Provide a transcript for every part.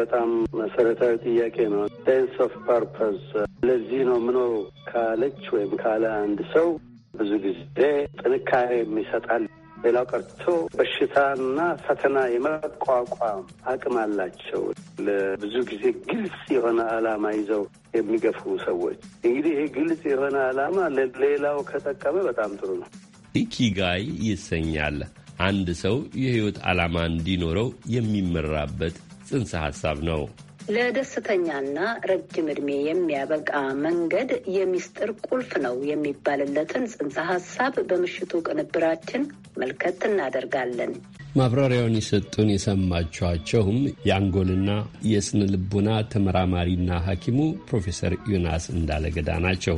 በጣም መሰረታዊ ጥያቄ ነው። ሴንስ ኦፍ ፐርፐስ ለዚህ ነው የምኖረው ካለች ወይም ካለ አንድ ሰው ብዙ ጊዜ ጥንካሬ የሚሰጣል። ሌላው ቀርቶ በሽታና ፈተና የመቋቋም አቅም አላቸው። ለብዙ ጊዜ ግልጽ የሆነ ዓላማ ይዘው የሚገፉ ሰዎች እንግዲህ ይህ ግልጽ የሆነ ዓላማ ለሌላው ከጠቀመ በጣም ጥሩ ነው። ኢኪጋይ ይሰኛል። አንድ ሰው የህይወት ዓላማ እንዲኖረው የሚመራበት ጽንሰ ሐሳብ ነው። ለደስተኛና ረጅም ዕድሜ የሚያበቃ መንገድ የሚስጥር ቁልፍ ነው የሚባልለትን ጽንሰ ሐሳብ በምሽቱ ቅንብራችን መልከት እናደርጋለን። ማብራሪያውን የሰጡን የሰማችኋቸውም የአንጎልና የስነ ልቡና ተመራማሪና ሐኪሙ ፕሮፌሰር ዮናስ እንዳለገዳ ናቸው።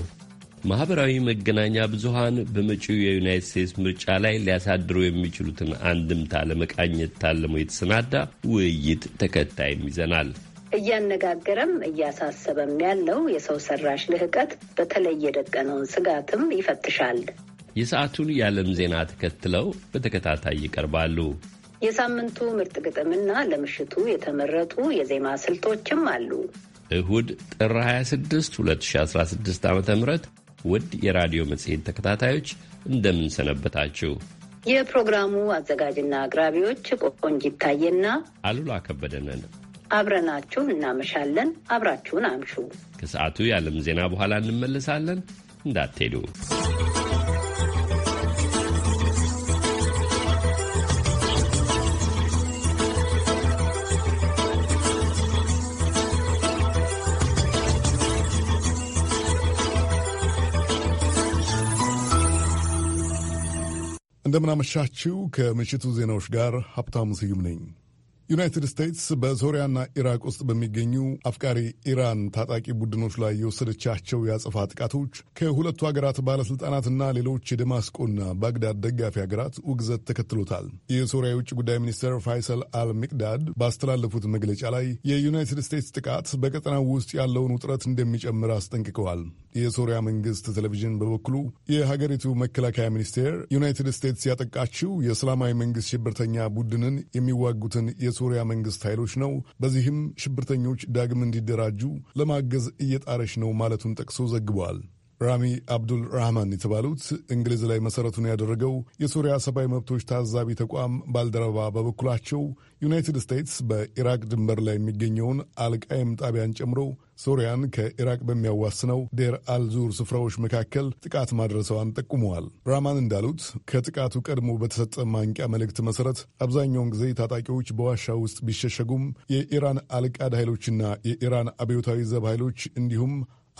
ማህበራዊ መገናኛ ብዙሀን በመጪው የዩናይት ስቴትስ ምርጫ ላይ ሊያሳድሩ የሚችሉትን አንድምታ ለመቃኘት ታልሞ የተሰናዳ ውይይት ተከታይም ይዘናል። እያነጋገረም እያሳሰበም ያለው የሰው ሰራሽ ልህቀት በተለይ የደቀነውን ስጋትም ይፈትሻል። የሰዓቱን የዓለም ዜና ተከትለው በተከታታይ ይቀርባሉ። የሳምንቱ ምርጥ ግጥምና ለምሽቱ የተመረጡ የዜማ ስልቶችም አሉ። እሁድ ጥር 26 2016 ዓ ም ውድ የራዲዮ መጽሔት ተከታታዮች እንደምንሰነበታችሁ። የፕሮግራሙ አዘጋጅና አቅራቢዎች ቆንጅ ይታየና አሉላ ከበደነን አብረናችሁ እናመሻለን። አብራችሁን አምሹ። ከሰዓቱ የዓለም ዜና በኋላ እንመለሳለን። እንዳትሄዱ እንደምናመሻችው ከምሽቱ ዜናዎች ጋር ሀብታሙ ስዩም ነኝ። ዩናይትድ ስቴትስ በሶሪያና ኢራቅ ውስጥ በሚገኙ አፍቃሪ ኢራን ታጣቂ ቡድኖች ላይ የወሰደቻቸው የአጸፋ ጥቃቶች ከሁለቱ ሀገራት ባለሥልጣናትና ሌሎች የደማስቆና ባግዳድ ደጋፊ ሀገራት ውግዘት ተከትሎታል። የሶሪያ የውጭ ጉዳይ ሚኒስትር ፋይሰል አል ሚቅዳድ ባስተላለፉት መግለጫ ላይ የዩናይትድ ስቴትስ ጥቃት በቀጠናው ውስጥ ያለውን ውጥረት እንደሚጨምር አስጠንቅቀዋል። የሶሪያ መንግስት ቴሌቪዥን በበኩሉ የሀገሪቱ መከላከያ ሚኒስቴር ዩናይትድ ስቴትስ ያጠቃችው የእስላማዊ መንግስት ሽብርተኛ ቡድንን የሚዋጉትን የሶሪያ መንግስት ኃይሎች ነው። በዚህም ሽብርተኞች ዳግም እንዲደራጁ ለማገዝ እየጣረች ነው ማለቱን ጠቅሶ ዘግበዋል። ራሚ አብዱል ራህማን የተባሉት እንግሊዝ ላይ መሠረቱን ያደረገው የሶሪያ ሰብአዊ መብቶች ታዛቢ ተቋም ባልደረባ በበኩላቸው ዩናይትድ ስቴትስ በኢራቅ ድንበር ላይ የሚገኘውን አልቃይም ጣቢያን ጨምሮ ሶሪያን ከኢራቅ በሚያዋስነው ዴር አልዙር ስፍራዎች መካከል ጥቃት ማድረሰዋን ጠቁመዋል። ራማን እንዳሉት ከጥቃቱ ቀድሞ በተሰጠ ማንቂያ መልእክት መሰረት አብዛኛውን ጊዜ ታጣቂዎች በዋሻ ውስጥ ቢሸሸጉም የኢራን አልቃድ ኃይሎችና የኢራን አብዮታዊ ዘብ ኃይሎች እንዲሁም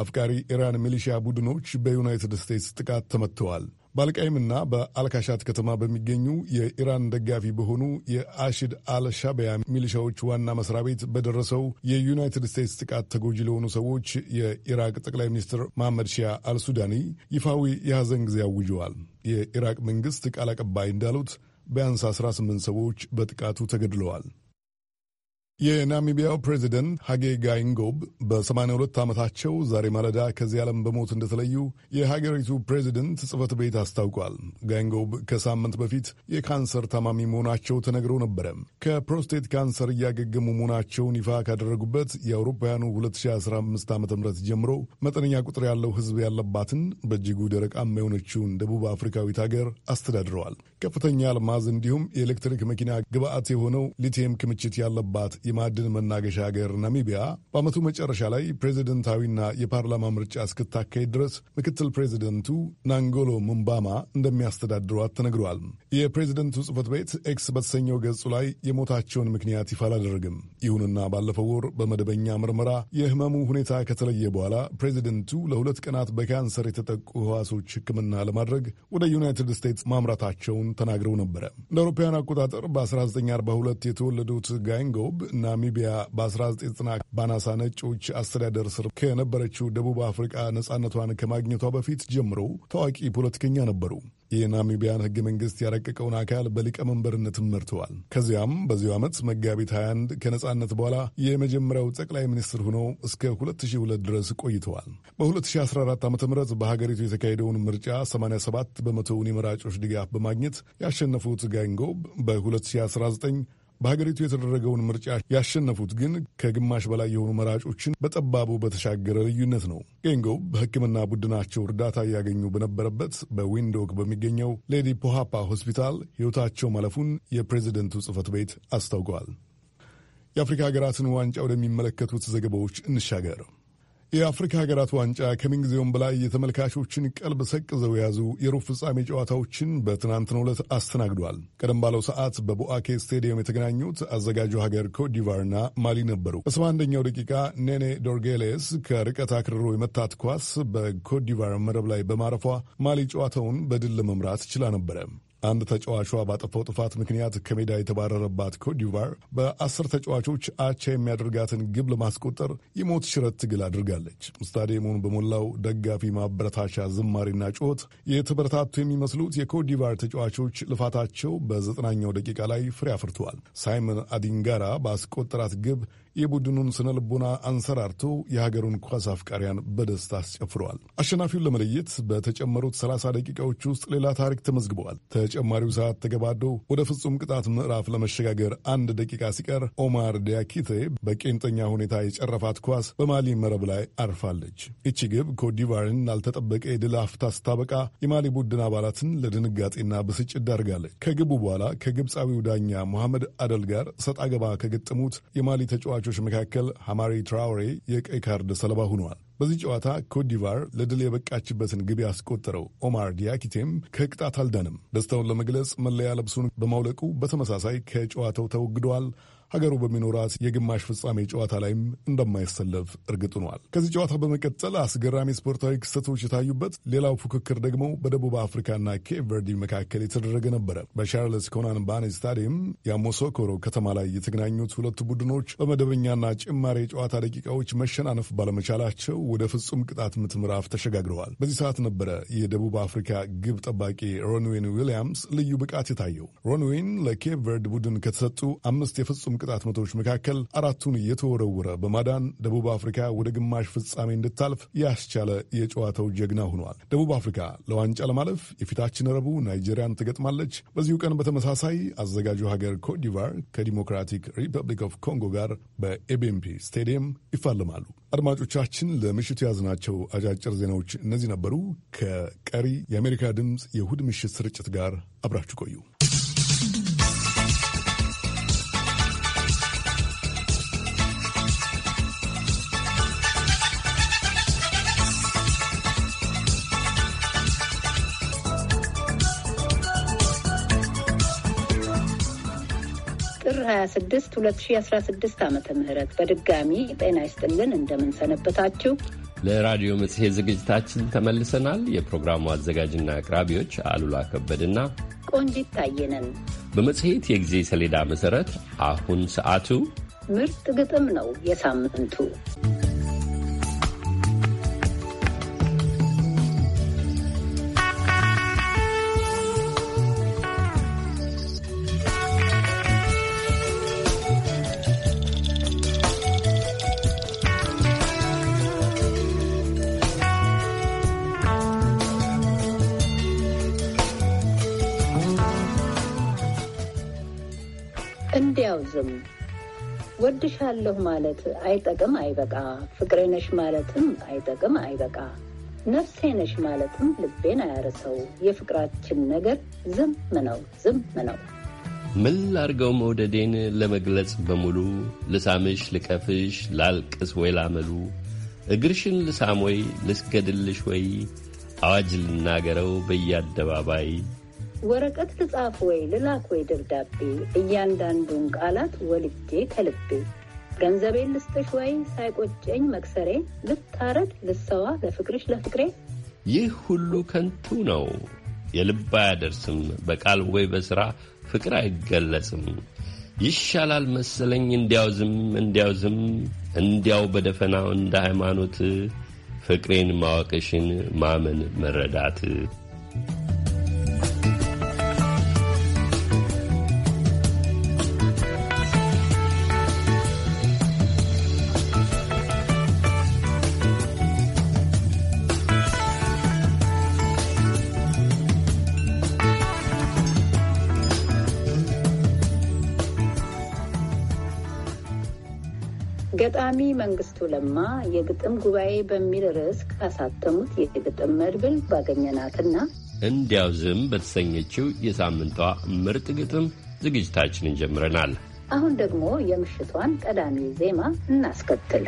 አፍቃሪ ኢራን ሚሊሺያ ቡድኖች በዩናይትድ ስቴትስ ጥቃት ተመትተዋል። በአልቃይምና በአልካሻት ከተማ በሚገኙ የኢራን ደጋፊ በሆኑ የአሽድ አልሻቢያ ሚሊሻዎች ዋና መስሪያ ቤት በደረሰው የዩናይትድ ስቴትስ ጥቃት ተጎጂ ለሆኑ ሰዎች የኢራቅ ጠቅላይ ሚኒስትር መሐመድ ሺያ አልሱዳኒ ይፋዊ የሐዘን ጊዜ አውጀዋል። የኢራቅ መንግሥት ቃል አቀባይ እንዳሉት ቢያንስ 18 ሰዎች በጥቃቱ ተገድለዋል። የናሚቢያው ፕሬዚደንት ሀጌ ጋይንጎብ በ82 ዓመታቸው ዛሬ ማለዳ ከዚህ ዓለም በሞት እንደተለዩ የሀገሪቱ ፕሬዚደንት ጽህፈት ቤት አስታውቋል። ጋይንጎብ ከሳምንት በፊት የካንሰር ታማሚ መሆናቸው ተነግሮ ነበረ። ከፕሮስቴት ካንሰር እያገገሙ መሆናቸውን ይፋ ካደረጉበት የአውሮፓውያኑ 2015 ዓ ም ጀምሮ መጠነኛ ቁጥር ያለው ሕዝብ ያለባትን በእጅጉ ደረቃማ የሆነችውን ደቡብ አፍሪካዊት ሀገር አስተዳድረዋል። ከፍተኛ አልማዝ እንዲሁም የኤሌክትሪክ መኪና ግብአት የሆነው ሊቲየም ክምችት ያለባት የማዕድን መናገሻ ሀገር ናሚቢያ በዓመቱ መጨረሻ ላይ ፕሬዚደንታዊና የፓርላማ ምርጫ እስክታካሄድ ድረስ ምክትል ፕሬዚደንቱ ናንጎሎ ሙምባማ እንደሚያስተዳድሯት ተነግሯል። የፕሬዚደንቱ ጽህፈት ቤት ኤክስ በተሰኘው ገጹ ላይ የሞታቸውን ምክንያት ይፋ አላደረግም። ይሁንና ባለፈው ወር በመደበኛ ምርመራ የህመሙ ሁኔታ ከተለየ በኋላ ፕሬዚደንቱ ለሁለት ቀናት በካንሰር የተጠቁ ህዋሶች ሕክምና ለማድረግ ወደ ዩናይትድ ስቴትስ ማምራታቸውን ተናግረው ነበረ። እንደ አውሮፓውያን አቆጣጠር በ1942 የተወለዱት ጋይንጎብ ናሚቢያ በ1990 ባናሳ ነጮች አስተዳደር ስር ከነበረችው ደቡብ አፍሪቃ ነጻነቷን ከማግኘቷ በፊት ጀምሮ ታዋቂ ፖለቲከኛ ነበሩ። የናሚቢያን ህገ መንግስት ያረቀቀውን አካል በሊቀመንበርነትም መርተዋል። ከዚያም በዚሁ ዓመት መጋቢት 21 ከነጻነት በኋላ የመጀመሪያው ጠቅላይ ሚኒስትር ሆነው እስከ 2002 ድረስ ቆይተዋል። በ2014 ዓ ም በሀገሪቱ የተካሄደውን ምርጫ 87 በመቶውን የመራጮች ድጋፍ በማግኘት ያሸነፉት ጋንጎብ በ2019 በሀገሪቱ የተደረገውን ምርጫ ያሸነፉት ግን ከግማሽ በላይ የሆኑ መራጮችን በጠባቡ በተሻገረ ልዩነት ነው። ጌንጎ በሕክምና ቡድናቸው እርዳታ እያገኙ በነበረበት በዊንዶክ በሚገኘው ሌዲ ፖሃፓ ሆስፒታል ሕይወታቸው ማለፉን የፕሬዚደንቱ ጽህፈት ቤት አስታውቀዋል። የአፍሪካ ሀገራትን ዋንጫ ወደሚመለከቱት ዘገባዎች እንሻገር። የአፍሪካ ሀገራት ዋንጫ ከምንጊዜውም በላይ የተመልካቾችን ቀልብ ሰቅዘው የያዙ የሩብ ፍጻሜ ጨዋታዎችን በትናንትናው ዕለት አስተናግዷል። ቀደም ባለው ሰዓት በቦአኬ ስቴዲየም የተገናኙት አዘጋጁ ሀገር ኮትዲቫርና ማሊ ነበሩ። በሰባ አንደኛው ደቂቃ ኔኔ ዶርጌሌስ ከርቀት አክርሮ የመታት ኳስ በኮትዲቫር መረብ ላይ በማረፏ ማሊ ጨዋታውን በድል ለመምራት ችላ ነበረ። አንድ ተጫዋቿ ባጠፋው ጥፋት ምክንያት ከሜዳ የተባረረባት ኮዲቫር በአስር ተጫዋቾች አቻ የሚያደርጋትን ግብ ለማስቆጠር የሞት ሽረት ትግል አድርጋለች። ስታዲየሙን በሞላው ደጋፊ ማበረታቻ ዝማሬና ጩኸት የተበረታቱ የሚመስሉት የኮትዲቫር ተጫዋቾች ልፋታቸው በዘጠናኛው ደቂቃ ላይ ፍሬ አፍርተዋል። ሳይመን አዲንጋራ ባስቆጠራት ግብ የቡድኑን ስነ ልቦና አንሰራርቶ የሀገሩን ኳስ አፍቃሪያን በደስታ አስጨፍረዋል። አሸናፊውን ለመለየት በተጨመሩት 30 ደቂቃዎች ውስጥ ሌላ ታሪክ ተመዝግበዋል። ተጨማሪው ሰዓት ተገባዶ ወደ ፍጹም ቅጣት ምዕራፍ ለመሸጋገር አንድ ደቂቃ ሲቀር ኦማር ዲያኪቴ በቄንጠኛ ሁኔታ የጨረፋት ኳስ በማሊ መረብ ላይ አርፋለች። ይቺ ግብ ኮዲቫርን ላልተጠበቀ የድል አፍታ ስታበቃ የማሊ ቡድን አባላትን ለድንጋጤና ብስጭት ዳርጋለች። ከግቡ በኋላ ከግብፃዊው ዳኛ መሐመድ አደል ጋር ሰጣ ገባ ከገጠሙት የማሊ ተጫዋች ተጫዋቾች መካከል ሐማሪ ትራውሬ የቀይ ካርድ ሰለባ ሆኗል። በዚህ ጨዋታ ኮትዲቫር ለድል የበቃችበትን ግብ ያስቆጠረው ኦማር ዲያኪቴም ከቅጣት አልዳንም። ደስታውን ለመግለጽ መለያ ልብሱን በማውለቁ በተመሳሳይ ከጨዋታው ተወግደዋል። ሀገሩ በሚኖራት የግማሽ ፍጻሜ ጨዋታ ላይም እንደማይሰለፍ እርግጥ ሆኗል። ከዚህ ጨዋታ በመቀጠል አስገራሚ ስፖርታዊ ክስተቶች የታዩበት ሌላው ፉክክር ደግሞ በደቡብ አፍሪካና ኬፕ ቨርዲ መካከል የተደረገ ነበረ። በሻርለስ ኮናን ባኔ ስታዲየም የሞሶኮሮ ከተማ ላይ የተገናኙት ሁለቱ ቡድኖች በመደበኛና ጭማሪ የጨዋታ ደቂቃዎች መሸናነፍ ባለመቻላቸው ወደ ፍጹም ቅጣት ምት ምዕራፍ ተሸጋግረዋል። በዚህ ሰዓት ነበረ የደቡብ አፍሪካ ግብ ጠባቂ ሮንዌን ዊሊያምስ ልዩ ብቃት የታየው። ሮንዌን ለኬፕ ቨርድ ቡድን ከተሰጡ አምስት የፍጹም ቅጣት ምቶች መካከል አራቱን እየተወረወረ በማዳን ደቡብ አፍሪካ ወደ ግማሽ ፍጻሜ እንድታልፍ ያስቻለ የጨዋታው ጀግና ሆኗል። ደቡብ አፍሪካ ለዋንጫ ለማለፍ የፊታችን ረቡዕ ናይጄሪያን ትገጥማለች። በዚሁ ቀን በተመሳሳይ አዘጋጁ ሀገር ኮትዲቫር ከዲሞክራቲክ ሪፐብሊክ ኦፍ ኮንጎ ጋር በኤቤምፒ ስቴዲየም ይፋለማሉ። አድማጮቻችን ለምሽቱ የያዝናቸው አጫጭር ዜናዎች እነዚህ ነበሩ። ከቀሪ የአሜሪካ ድምፅ የእሁድ ምሽት ስርጭት ጋር አብራችሁ ቆዩ። 26 2016 ዓ ም በድጋሚ ጤና ይስጥልን። እንደምንሰነበታችሁ። ለራዲዮ መጽሔት ዝግጅታችን ተመልሰናል። የፕሮግራሙ አዘጋጅና አቅራቢዎች አሉላ ከበድና ቆንጂት ታየ በመጽሔት የጊዜ ሰሌዳ መሠረት አሁን ሰዓቱ ምርጥ ግጥም ነው። የሳምንቱ አይመዝም። ወድሻለሁ ማለት አይጠቅም አይበቃ። ፍቅሬነሽ ማለትም አይጠቅም አይበቃ። ነፍሴ ነሽ ማለትም ልቤን አያርሰው። የፍቅራችን ነገር ዝም ነው፣ ዝም ነው። ምን ላርገው መውደዴን ለመግለጽ በሙሉ ልሳምሽ፣ ልቀፍሽ፣ ላልቅስ ወይ ላመሉ እግርሽን ልሳም ወይ ልስገድልሽ ወይ አዋጅ ልናገረው በየአደባባይ ወረቀት ልጻፍ ወይ ልላክ ወይ ደብዳቤ እያንዳንዱን ቃላት ወልጄ ከልቤ ገንዘቤን ልስጥሽ ወይ ሳይቆጨኝ መክሰሬ ልታረድ ልሰዋ ለፍቅርሽ ለፍቅሬ ይህ ሁሉ ከንቱ ነው፣ የልብ አያደርስም፣ በቃል ወይ በሥራ ፍቅር አይገለጽም። ይሻላል መሰለኝ እንዲያው ዝም እንዲያው ዝም እንዲያው በደፈናው እንደ ሃይማኖት ፍቅሬን ማወቅሽን ማመን መረዳት መንግስቱ ለማ የግጥም ጉባኤ በሚል ርዕስ ካሳተሙት የግጥም መድብል ባገኘናትና እንዲያው ዝም በተሰኘችው የሳምንቷ ምርጥ ግጥም ዝግጅታችንን ጀምረናል። አሁን ደግሞ የምሽቷን ቀዳሚ ዜማ እናስከትል።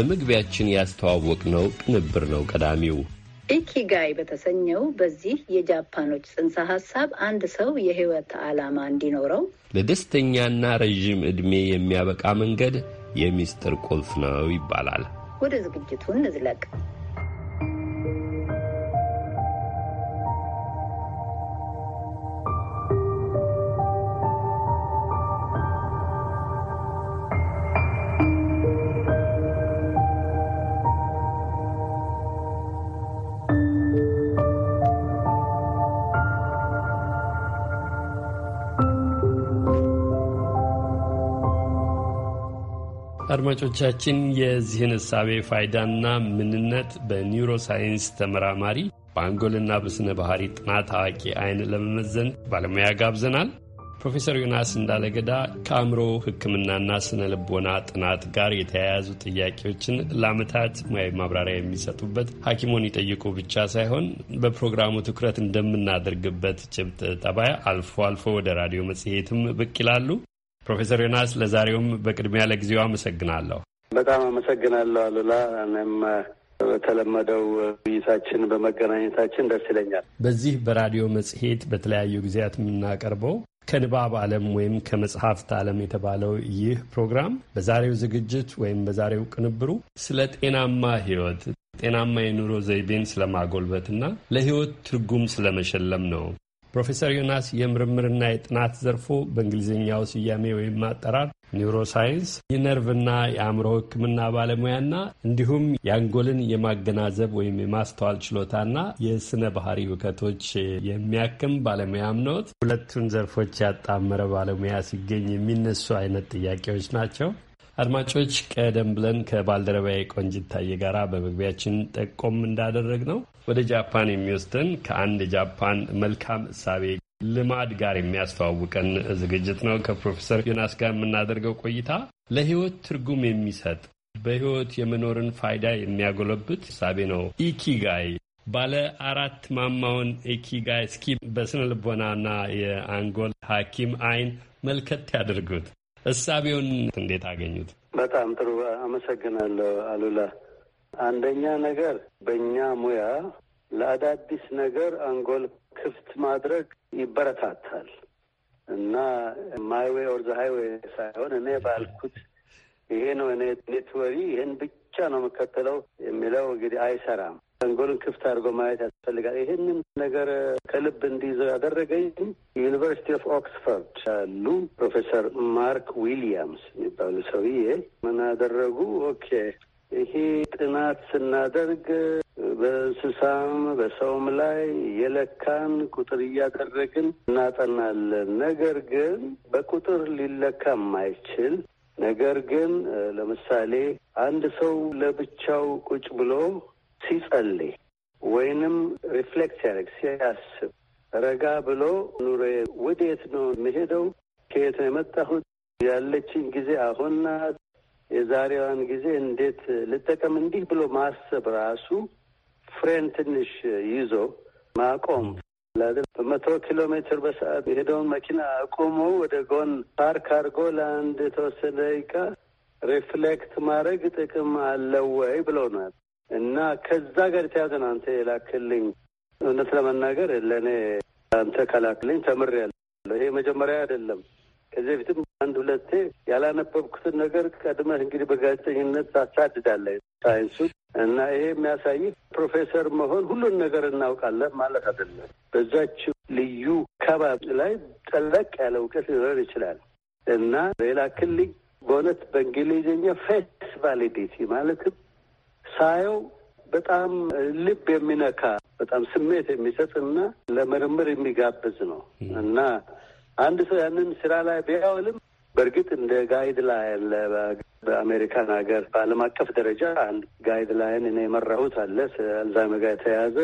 በመግቢያችን ያስተዋወቅ ነው። ቅንብር ነው ቀዳሚው። ኢኪጋይ በተሰኘው በዚህ የጃፓኖች ጽንሰ ሀሳብ አንድ ሰው የህይወት ዓላማ እንዲኖረው ለደስተኛና ረዥም ዕድሜ የሚያበቃ መንገድ የሚስጥር ቁልፍ ነው ይባላል። ወደ ዝግጅቱ እንዝለቅ። አድማጮቻችን የዚህን እሳቤ ፋይዳና ምንነት በኒውሮ ሳይንስ ተመራማሪ በአንጎልና በስነ ባህሪ ጥናት አዋቂ አይን ለመመዘን ባለሙያ ጋብዘናል። ፕሮፌሰር ዮናስ እንዳለገዳ ከአእምሮ ሕክምናና ስነ ልቦና ጥናት ጋር የተያያዙ ጥያቄዎችን ለዓመታት ሙያዊ ማብራሪያ የሚሰጡበት ሐኪሞን ይጠይቁ ብቻ ሳይሆን በፕሮግራሙ ትኩረት እንደምናደርግበት ጭብጥ ጠባይ አልፎ አልፎ ወደ ራዲዮ መጽሔትም ብቅ ይላሉ። ፕሮፌሰር ዮናስ ለዛሬውም በቅድሚያ ለጊዜው አመሰግናለሁ። በጣም አመሰግናለሁ አሉላ። እኔም በተለመደው ውይይታችን በመገናኘታችን ደስ ይለኛል። በዚህ በራዲዮ መጽሔት በተለያዩ ጊዜያት የምናቀርበው ከንባብ ዓለም ወይም ከመጽሐፍት ዓለም የተባለው ይህ ፕሮግራም በዛሬው ዝግጅት ወይም በዛሬው ቅንብሩ ስለ ጤናማ ሕይወት ጤናማ የኑሮ ዘይቤን ስለማጎልበትና ለሕይወት ትርጉም ስለመሸለም ነው። ፕሮፌሰር ዮናስ የምርምርና የጥናት ዘርፎ በእንግሊዝኛው ስያሜ ወይም አጠራር ኒውሮሳይንስ የነርቭና የአእምሮ ሕክምና ባለሙያና እንዲሁም የአንጎልን የማገናዘብ ወይም የማስተዋል ችሎታና የስነ ባህሪ እውከቶች የሚያክም ባለሙያም ነዎት። ሁለቱን ዘርፎች ያጣመረ ባለሙያ ሲገኝ የሚነሱ አይነት ጥያቄዎች ናቸው። አድማጮች ቀደም ብለን ከባልደረባዬ ቆንጅት ጋራ በመግቢያችን ጠቆም እንዳደረግ ነው ወደ ጃፓን የሚወስደን ከአንድ ጃፓን መልካም እሳቤ ልማድ ጋር የሚያስተዋውቀን ዝግጅት ነው። ከፕሮፌሰር ዮናስ ጋር የምናደርገው ቆይታ ለሕይወት ትርጉም የሚሰጥ በሕይወት የመኖርን ፋይዳ የሚያጎለብት እሳቤ ነው ኢኪጋይ ባለ አራት ማማውን ኢኪጋይ እስኪ በስነ ልቦናና የአንጎል ሐኪም አይን መልከት ያድርጉት። እሳቢውን እንዴት አገኙት? በጣም ጥሩ አመሰግናለሁ አሉላ። አንደኛ ነገር በእኛ ሙያ ለአዳዲስ ነገር አንጎል ክፍት ማድረግ ይበረታታል እና ማይዌ ዌይ ኦር ዘ ሃይዌይ ሳይሆን እኔ ባልኩት ይሄ ነው እኔ ኔትወሪ ይህን ብቻ ነው የምከተለው የሚለው እንግዲህ አይሰራም። አንጎልን ክፍት አድርጎ ማየት ያስፈልጋል። ይህንን ነገር ከልብ እንዲይዘው ያደረገኝ ዩኒቨርሲቲ ኦፍ ኦክስፎርድ ያሉ ፕሮፌሰር ማርክ ዊሊያምስ የሚባሉ ሰውዬ ምን አደረጉ? ኦኬ ይሄ ጥናት ስናደርግ በእንስሳም በሰውም ላይ የለካን ቁጥር እያደረግን እናጠናለን። ነገር ግን በቁጥር ሊለካ የማይችል ነገር ግን ለምሳሌ አንድ ሰው ለብቻው ቁጭ ብሎ ሲጸልይ ወይንም ሪፍሌክት ሲያደርግ ሲያስብ ረጋ ብሎ ኑሮ ወዴት ነው የምሄደው? ከየት ነው የመጣሁት? ያለችን ጊዜ አሁን ናት። የዛሬዋን ጊዜ እንዴት ልጠቀም? እንዲህ ብሎ ማሰብ ራሱ ፍሬን ትንሽ ይዞ ማቆም በመቶ ኪሎ ሜትር በሰዓት የሄደውን መኪና አቁሞ ወደ ጎን ፓርክ አድርጎ ለአንድ የተወሰነ ደቂቃ ሪፍሌክት ማድረግ ጥቅም አለው ወይ ብለውናል። እና ከዛ ጋር የተያዘን አንተ የላክልኝ። እውነት ለመናገር ለእኔ አንተ ከላክልኝ ተምሬያለሁ። ይሄ መጀመሪያ አይደለም። ከዚህ በፊትም አንድ ሁለቴ ያላነበብኩትን ነገር ቀድመህ እንግዲህ በጋዜጠኝነት ታሳድዳለህ ሳይንሱ እና ይሄ የሚያሳይ ፕሮፌሰር መሆን ሁሉን ነገር እናውቃለን ማለት አይደለም። በዛች ልዩ ከባቢ ላይ ጠለቅ ያለ እውቀት ሊኖር ይችላል እና ሌላ ክልኝ በእውነት በእንግሊዝኛ ፌስ ቫሊዲቲ ማለትም ሳየው በጣም ልብ የሚነካ በጣም ስሜት የሚሰጥ እና ለምርምር የሚጋብዝ ነው እና አንድ ሰው ያንን ስራ ላይ ቢያውልም በእርግጥ እንደ ጋይድ ላይን በአሜሪካን ሀገር በዓለም አቀፍ ደረጃ አንድ ጋይድ ላይን እኔ የመራሁት አለ አልዛይመር ጋር የተያያዘ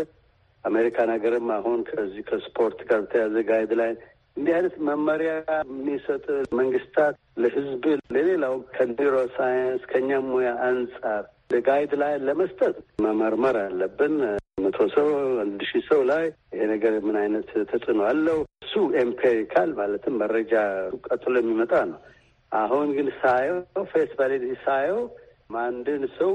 አሜሪካን ሀገርም አሁን ከዚህ ከስፖርት ጋር የተያያዘ ጋይድ ላይን እንዲህ አይነት መመሪያ የሚሰጥ መንግስታት ለህዝብ ለሌላው ከኒሮ ሳይንስ ከእኛም ሙያ አንጻር ጋይድ ላይ ለመስጠት መመርመር አለብን። መቶ ሰው አንድ ሺህ ሰው ላይ ይሄ ነገር ምን አይነት ተጽዕኖ አለው? እሱ ኤምፔሪካል ማለትም መረጃ ቀጥሎ የሚመጣ ነው። አሁን ግን ሳየው ፌስ ቫሊዲ ሳየው አንድን ሰው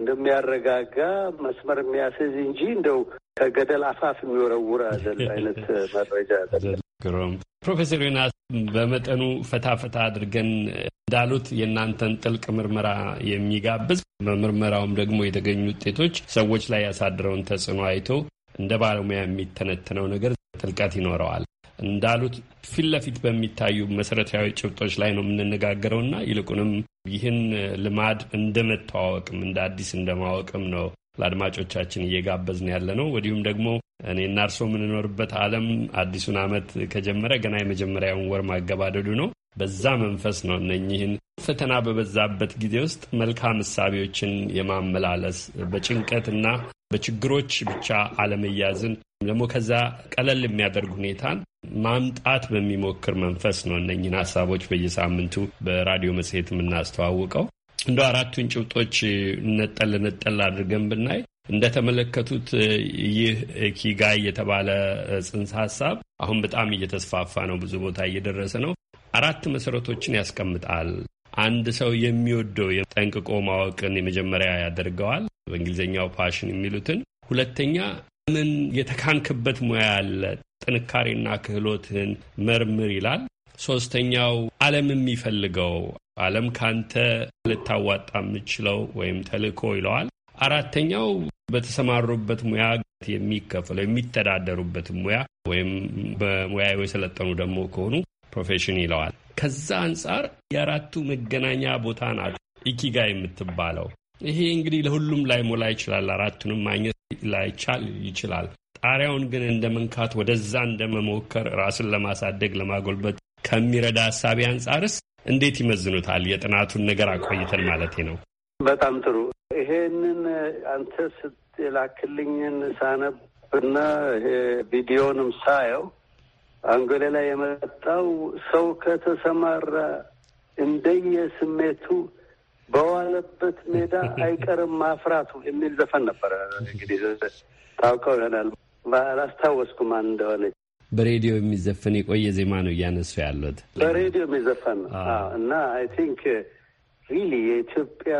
እንደሚያረጋጋ መስመር የሚያስይዝ እንጂ እንደው ከገደል አፋፍ የሚወረውር አይነት መረጃ አይደለም። ግሮም ፕሮፌሰር ዮናስ በመጠኑ ፈታ ፈታ አድርገን እንዳሉት የእናንተን ጥልቅ ምርመራ የሚጋብዝ በምርመራውም ደግሞ የተገኙ ውጤቶች ሰዎች ላይ ያሳድረውን ተጽዕኖ አይቶ እንደ ባለሙያ የሚተነተነው ነገር ጥልቀት ይኖረዋል። እንዳሉት ፊት ለፊት በሚታዩ መሰረታዊ ጭብጦች ላይ ነው የምንነጋገረውና ይልቁንም ይህን ልማድ እንደመተዋወቅም እንደ አዲስ እንደማወቅም ነው ለአድማጮቻችን እየጋበዝን ያለ ነው። ወዲሁም ደግሞ እኔና እርሶ የምንኖርበት ዓለም አዲሱን ዓመት ከጀመረ ገና የመጀመሪያውን ወር ማገባደዱ ነው። በዛ መንፈስ ነው እነኚህን ፈተና በበዛበት ጊዜ ውስጥ መልካም እሳቢዎችን የማመላለስ በጭንቀትና በችግሮች ብቻ አለመያዝን ደግሞ ከዛ ቀለል የሚያደርግ ሁኔታን ማምጣት በሚሞክር መንፈስ ነው እነኝህን ሀሳቦች በየሳምንቱ በራዲዮ መጽሔት የምናስተዋውቀው። እንደ አራቱን ጭብጦች ነጠል ነጠል አድርገን ብናይ እንደተመለከቱት ይህ ኪጋይ የተባለ ጽንሰ ሀሳብ አሁን በጣም እየተስፋፋ ነው፣ ብዙ ቦታ እየደረሰ ነው። አራት መሰረቶችን ያስቀምጣል። አንድ ሰው የሚወደው ጠንቅቆ ማወቅን የመጀመሪያ ያደርገዋል፣ በእንግሊዝኛው ፓሽን የሚሉትን። ሁለተኛ ምን የተካንክበት ሙያ ያለ ጥንካሬና ክህሎትን መርምር ይላል። ሶስተኛው ዓለም የሚፈልገው ዓለም ካንተ ልታዋጣ የምችለው ወይም ተልእኮ ይለዋል። አራተኛው በተሰማሩበት ሙያ የሚከፈለው የሚተዳደሩበት ሙያ ወይም በሙያ የሰለጠኑ ደግሞ ከሆኑ ፕሮፌሽን ይለዋል። ከዛ አንጻር የአራቱ መገናኛ ቦታ ናት ኢኪጋ የምትባለው። ይሄ እንግዲህ ለሁሉም ላይ ሞላ ይችላል፣ አራቱንም ማግኘት ላይቻል ይችላል። ጣሪያውን ግን እንደ መንካት ወደዛ እንደ መሞከር ራስን ለማሳደግ ለማጎልበት ከሚረዳ ሀሳቢ አንጻርስ እንዴት ይመዝኑታል? የጥናቱን ነገር አቆይተን ማለት ነው። በጣም ጥሩ። ይሄንን አንተ ስትላክልኝን ሳነብና ቪዲዮንም ሳየው አንጎሌ ላይ የመጣው ሰው ከተሰማራ እንደየስሜቱ በዋለበት ሜዳ አይቀርም ማፍራቱ የሚል ዘፈን ነበረ። እንግዲህ ታውቀው ይሆናል፣ አላስታወስኩም ማን እንደሆነች በሬዲዮ የሚዘፈን የቆየ ዜማ ነው እያነሱ ያሉት በሬዲዮ የሚዘፈን እና አይ ቲንክ ሪሊ የኢትዮጵያ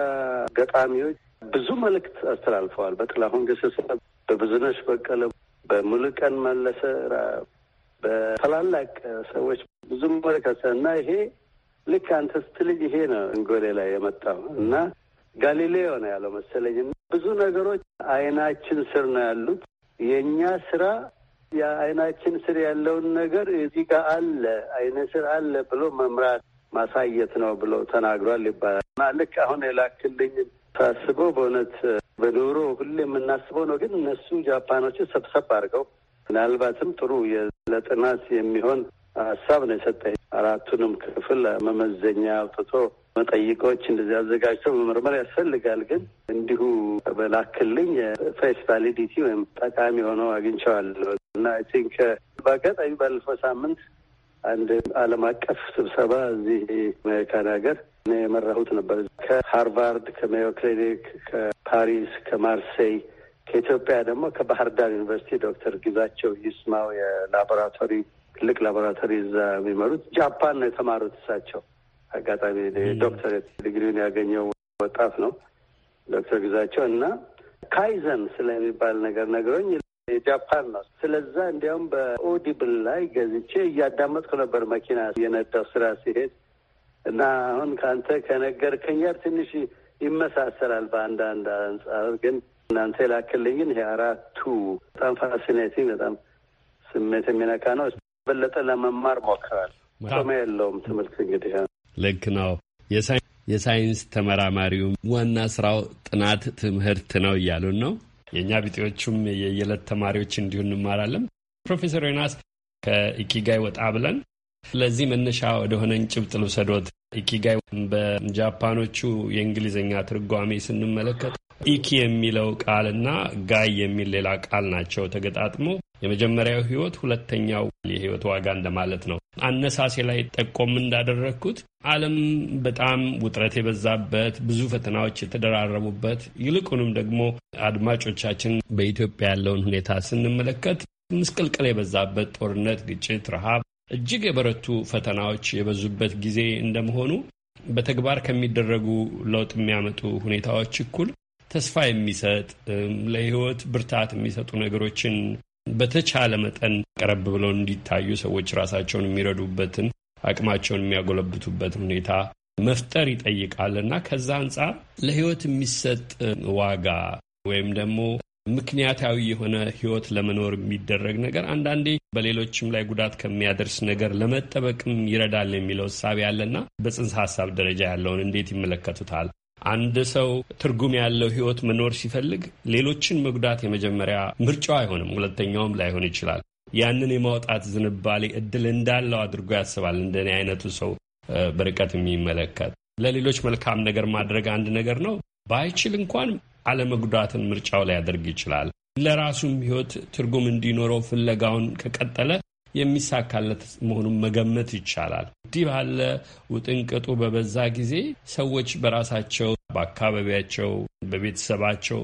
ገጣሚዎች ብዙ መልእክት አስተላልፈዋል። በጥላሁን ገሰሰ፣ በብዙነሽ በቀለ፣ በሙሉቀን መለሰ፣ በታላላቅ ሰዎች ብዙ መልእክት እና ይሄ ልክ አንተ ስትልጅ ይሄ ነው እንጎሌ ላይ የመጣው እና ጋሊሌዮ ነው ያለው መሰለኝ። ብዙ ነገሮች አይናችን ስር ነው ያሉት። የእኛ ስራ የአይናችን ስር ያለውን ነገር እዚህ ጋር አለ አይነ ስር አለ ብሎ መምራት ማሳየት ነው ብሎ ተናግሯል ይባላል እና ልክ አሁን የላክልኝ ሳስበው በእውነት በዶሮ ሁሌ የምናስበው ነው። ግን እነሱ ጃፓኖች ሰብሰብ አድርገው ምናልባትም ጥሩ ለጥናት የሚሆን ሀሳብ ነው የሰጠ አራቱንም ክፍል መመዘኛ አውጥቶ መጠይቆች እንደዚህ አዘጋጅቶ መመርመር ያስፈልጋል። ግን እንዲሁ በላክልኝ የፌስ ቫሊዲቲ ወይም ጠቃሚ ሆነው አግኝቼዋለሁ እና አይ ቲንክ በአጋጣሚ ባለፈው ሳምንት አንድ ዓለም አቀፍ ስብሰባ እዚህ አሜሪካን ሀገር እኔ የመራሁት ነበር። ከሃርቫርድ፣ ከሜዮ ክሊኒክ፣ ከፓሪስ፣ ከማርሴይ ከኢትዮጵያ ደግሞ ከባህር ዳር ዩኒቨርሲቲ ዶክተር ግዛቸው ይስማው የላቦራቶሪ ትልቅ ላቦራቶሪ እዛ የሚመሩት ጃፓን ነው የተማሩት እሳቸው አጋጣሚ ዶክተሬት ዲግሪውን ያገኘው ወጣት ነው ዶክተር ግዛቸው እና ካይዘን ስለሚባል ነገር ነገሮኝ የጃፓን ነው። ስለዛ እንዲያውም በኦዲብል ላይ ገዝቼ እያዳመጥኩ ነበር መኪና የነዳው ስራ ሲሄድ እና አሁን ከአንተ ከነገርከኝ ጋር ትንሽ ይመሳሰላል በአንዳንድ አንጻር። ግን እናንተ የላክልኝን ይሄ አራቱ በጣም ፋሲኔቲንግ፣ በጣም ስሜት የሚነካ ነው። በለጠ ለመማር ሞክራል። ጾም የለውም ትምህርት እንግዲህ ልክ ነው። የሳይንስ ተመራማሪውም ዋና ስራው ጥናት ትምህርት ነው እያሉን ነው። የእኛ ቢጤዎቹም የየዕለት ተማሪዎች እንዲሁ እንማራለን። ፕሮፌሰር ዮናስ ከኢኪጋይ ወጣ ብለን ለዚህ መነሻ ወደሆነን ጭብጥ ልውሰዶት። ኢኪጋይ በጃፓኖቹ የእንግሊዝኛ ትርጓሜ ስንመለከት ኢኪ የሚለው ቃልና ጋይ የሚል ሌላ ቃል ናቸው ተገጣጥሞ የመጀመሪያው ህይወት ሁለተኛው የህይወት ዋጋ እንደማለት ነው። አነሳሴ ላይ ጠቆም እንዳደረግኩት ዓለም በጣም ውጥረት የበዛበት ብዙ ፈተናዎች የተደራረቡበት ይልቁንም ደግሞ አድማጮቻችን በኢትዮጵያ ያለውን ሁኔታ ስንመለከት ምስቅልቅል የበዛበት ጦርነት፣ ግጭት፣ ረሃብ እጅግ የበረቱ ፈተናዎች የበዙበት ጊዜ እንደመሆኑ በተግባር ከሚደረጉ ለውጥ የሚያመጡ ሁኔታዎች እኩል ተስፋ የሚሰጥ ለህይወት ብርታት የሚሰጡ ነገሮችን በተቻለ መጠን ቀረብ ብለው እንዲታዩ ሰዎች ራሳቸውን የሚረዱበትን አቅማቸውን የሚያጎለብቱበትን ሁኔታ መፍጠር ይጠይቃል እና ከዛ አንጻር ለህይወት የሚሰጥ ዋጋ ወይም ደግሞ ምክንያታዊ የሆነ ህይወት ለመኖር የሚደረግ ነገር አንዳንዴ በሌሎችም ላይ ጉዳት ከሚያደርስ ነገር ለመጠበቅም ይረዳል የሚለው እሳቤ ያለና በጽንሰ ሀሳብ ደረጃ ያለውን እንዴት ይመለከቱታል? አንድ ሰው ትርጉም ያለው ህይወት መኖር ሲፈልግ ሌሎችን መጉዳት የመጀመሪያ ምርጫው አይሆንም፣ ሁለተኛውም ላይሆን ይችላል። ያንን የማውጣት ዝንባሌ እድል እንዳለው አድርጎ ያስባል። እንደኔ አይነቱ ሰው በርቀት የሚመለከት ለሌሎች መልካም ነገር ማድረግ አንድ ነገር ነው። ባይችል እንኳን አለመጉዳትን ምርጫው ያደርግ ይችላል። ለራሱም ህይወት ትርጉም እንዲኖረው ፍለጋውን ከቀጠለ የሚሳካለት መሆኑን መገመት ይቻላል። እንዲህ ባለ ውጥንቅጡ በበዛ ጊዜ ሰዎች በራሳቸው በአካባቢያቸው፣ በቤተሰባቸው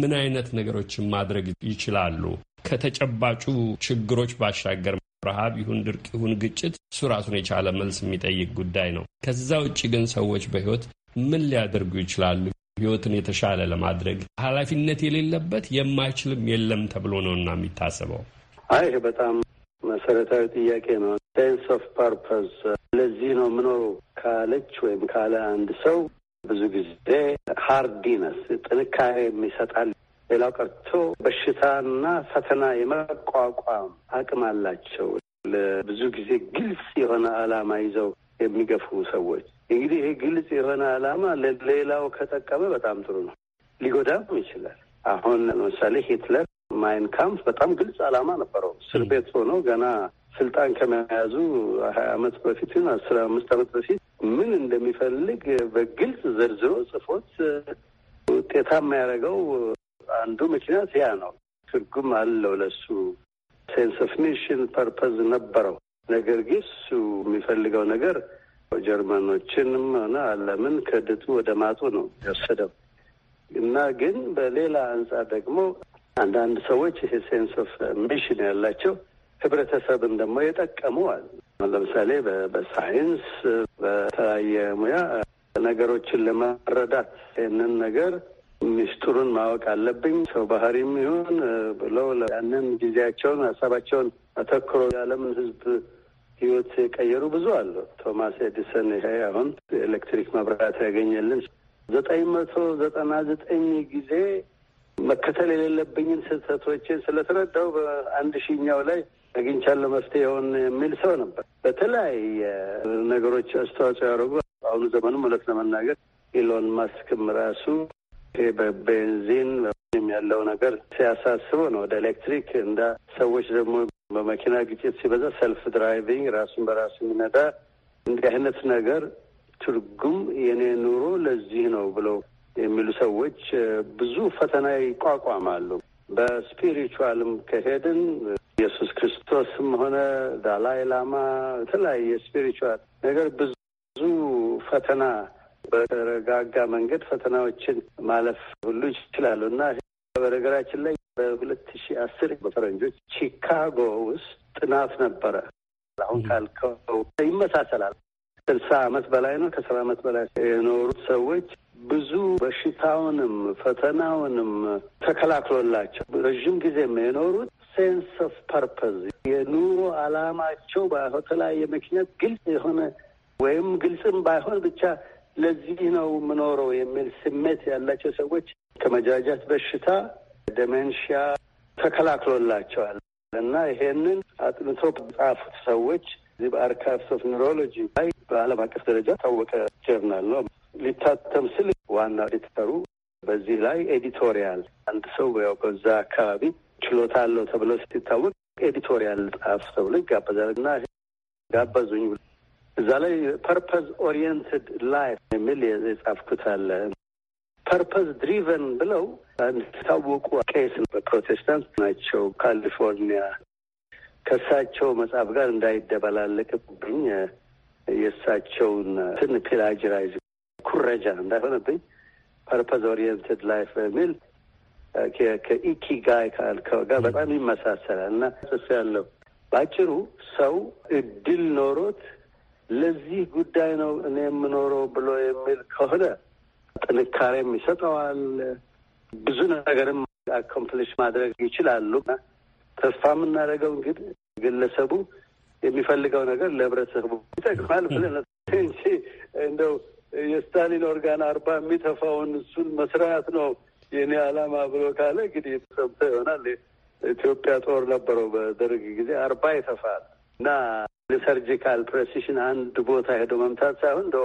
ምን አይነት ነገሮችን ማድረግ ይችላሉ? ከተጨባጩ ችግሮች ባሻገር ረሃብ ይሁን ድርቅ ይሁን ግጭት እሱ ራሱን የቻለ መልስ የሚጠይቅ ጉዳይ ነው። ከዛ ውጭ ግን ሰዎች በህይወት ምን ሊያደርጉ ይችላሉ? ህይወትን የተሻለ ለማድረግ ኃላፊነት የሌለበት የማይችልም የለም ተብሎ ነውና የሚታሰበው። አይ በጣም መሰረታዊ ጥያቄ ነው። ሴንስ ኦፍ ፐርፐዝ ለዚህ ነው ምኖሩ ካለች ወይም ካለ አንድ ሰው ብዙ ጊዜ ሃርዲነስ ጥንካሬ የሚሰጣል። ሌላው ቀርቶ በሽታና ፈተና የመቋቋም አቅም አላቸው። ለብዙ ጊዜ ግልጽ የሆነ ዓላማ ይዘው የሚገፉ ሰዎች እንግዲህ ይህ ግልጽ የሆነ ዓላማ ለሌላው ከጠቀመ በጣም ጥሩ ነው። ሊጎዳም ይችላል። አሁን ለምሳሌ ሂትለር ማይን ካምፕ በጣም ግልጽ ዓላማ ነበረው። እስር ቤት ሆኖ ገና ስልጣን ከመያዙ ሀያ አመት በፊት አስራ አምስት አመት በፊት ምን እንደሚፈልግ በግልጽ ዘርዝሮ ጽፎት ውጤታማ ያደረገው አንዱ ምክንያት ያ ነው። ትርጉም አለው ለሱ ሴንስ ኦፍ ሚሽን ፐርፐዝ ነበረው። ነገር ግን እሱ የሚፈልገው ነገር ጀርመኖችንም ሆነ ዓለምን ከድጡ ወደ ማጡ ነው የወሰደው እና ግን በሌላ አንጻር ደግሞ አንዳንድ ሰዎች ይሄ ሴንስ ኦፍ ሚሽን ያላቸው ህብረተሰብን ደግሞ የጠቀሙ አሉ። ለምሳሌ በሳይንስ በተለያየ ሙያ ነገሮችን ለመረዳት ይህንን ነገር ሚስጥሩን ማወቅ አለብኝ ሰው ባህሪም ይሁን ብለው ያንን ጊዜያቸውን ሀሳባቸውን አተኩሮ የዓለምን ህዝብ ህይወት የቀየሩ ብዙ አሉ። ቶማስ ኤዲሰን ይሄ አሁን ኤሌክትሪክ መብራት ያገኘልን ዘጠኝ መቶ ዘጠና ዘጠኝ ጊዜ መከተል የሌለብኝን ስህተቶችን ስለተረዳው በአንድ ሺኛው ላይ አግኝቻለሁ የሆን የሚል ሰው ነበር። በተለያየ ነገሮች አስተዋጽኦ ያደረጉ በአሁኑ ዘመኑ እውነት ለመናገር ኢሎን ማስክም ራሱ ይሄ በቤንዚን ያለው ነገር ሲያሳስበው ነው ወደ ኤሌክትሪክ እንደ ሰዎች ደግሞ በመኪና ግጭት ሲበዛ ሰልፍ ድራይቪንግ ራሱን በራሱ የሚነዳ እንዲህ አይነት ነገር ትርጉም የኔ ኑሮ ለዚህ ነው ብለው የሚሉ ሰዎች ብዙ ፈተና ይቋቋማሉ። በስፒሪቹዋልም ከሄድን ኢየሱስ ክርስቶስም ሆነ ዳላይ ላማ የተለያየ ስፒሪቹዋል ነገር ብዙ ፈተና በተረጋጋ መንገድ ፈተናዎችን ማለፍ ሁሉ ይችላሉ እና በነገራችን ላይ በሁለት ሺ አስር በፈረንጆች ቺካጎ ውስጥ ጥናት ነበረ። አሁን ካልከው ይመሳሰላል። ስልሳ አመት በላይ ነው ከሰባ አመት በላይ የኖሩት ሰዎች ብዙ በሽታውንም ፈተናውንም ተከላክሎላቸው ረዥም ጊዜም የኖሩት ሴንስ ኦፍ ፐርፐዝ የኑሮ አላማቸው በተለያየ ምክንያት ግልጽ የሆነ ወይም ግልጽም ባይሆን ብቻ ለዚህ ነው የምኖረው የሚል ስሜት ያላቸው ሰዎች ከመጃጃት በሽታ ደመንሽያ ተከላክሎላቸዋል እና ይሄንን አጥንቶ ጻፉት ሰዎች እዚህ በአርካይቭስ ኦፍ ኒውሮሎጂ ላይ በዓለም አቀፍ ደረጃ ታወቀ ጀርናል ነው። ሊታተም ስል ዋና ኤዲተሩ በዚህ ላይ ኤዲቶሪያል አንድ ሰው ያው በዛ አካባቢ ችሎታ አለው ተብሎ ሲታወቅ ኤዲቶሪያል ጻፍ ተብሎ ይጋበዛል እና ጋበዙኝ። እዛ ላይ ፐርፐዝ ኦሪየንትድ ላይፍ የሚል የጻፍኩት አለ። ፐርፐዝ ድሪቨን ብለው እንድታወቁ ቄስ በፕሮቴስታንት ናቸው፣ ካሊፎርኒያ ከእሳቸው መጽሐፍ ጋር እንዳይደበላለቅብኝ የእሳቸውን ትን ፒላጅራይዝ መኩረጃ እንዳይሆነብኝ ፐርፐዝ ኦሪየንትድ ላይፍ በሚል ከኢኪጋይ ካልከው ጋር በጣም ይመሳሰላል እና ጽፍ ያለው በአጭሩ ሰው እድል ኖሮት ለዚህ ጉዳይ ነው እኔ የምኖረው ብሎ የሚል ከሆነ ጥንካሬም ይሰጠዋል። ብዙ ነገርም አኮምፕሊሽ ማድረግ ይችላሉ። ተስፋ የምናደርገው እንግዲህ ግለሰቡ የሚፈልገው ነገር ለህብረተሰቡ ይጠቅማል ብለን እንጂ እንደው የስታሊን ኦርጋን አርባ የሚተፋውን እሱን መስራት ነው የኔ አላማ ብሎ ካለ እንግዲህ ሰምተ ይሆናል። ኢትዮጵያ ጦር ነበረው በደርግ ጊዜ አርባ ይተፋል እና ሰርጂካል ፕሬሲሽን አንድ ቦታ ሄዶ መምታት ሳይሆን እንደ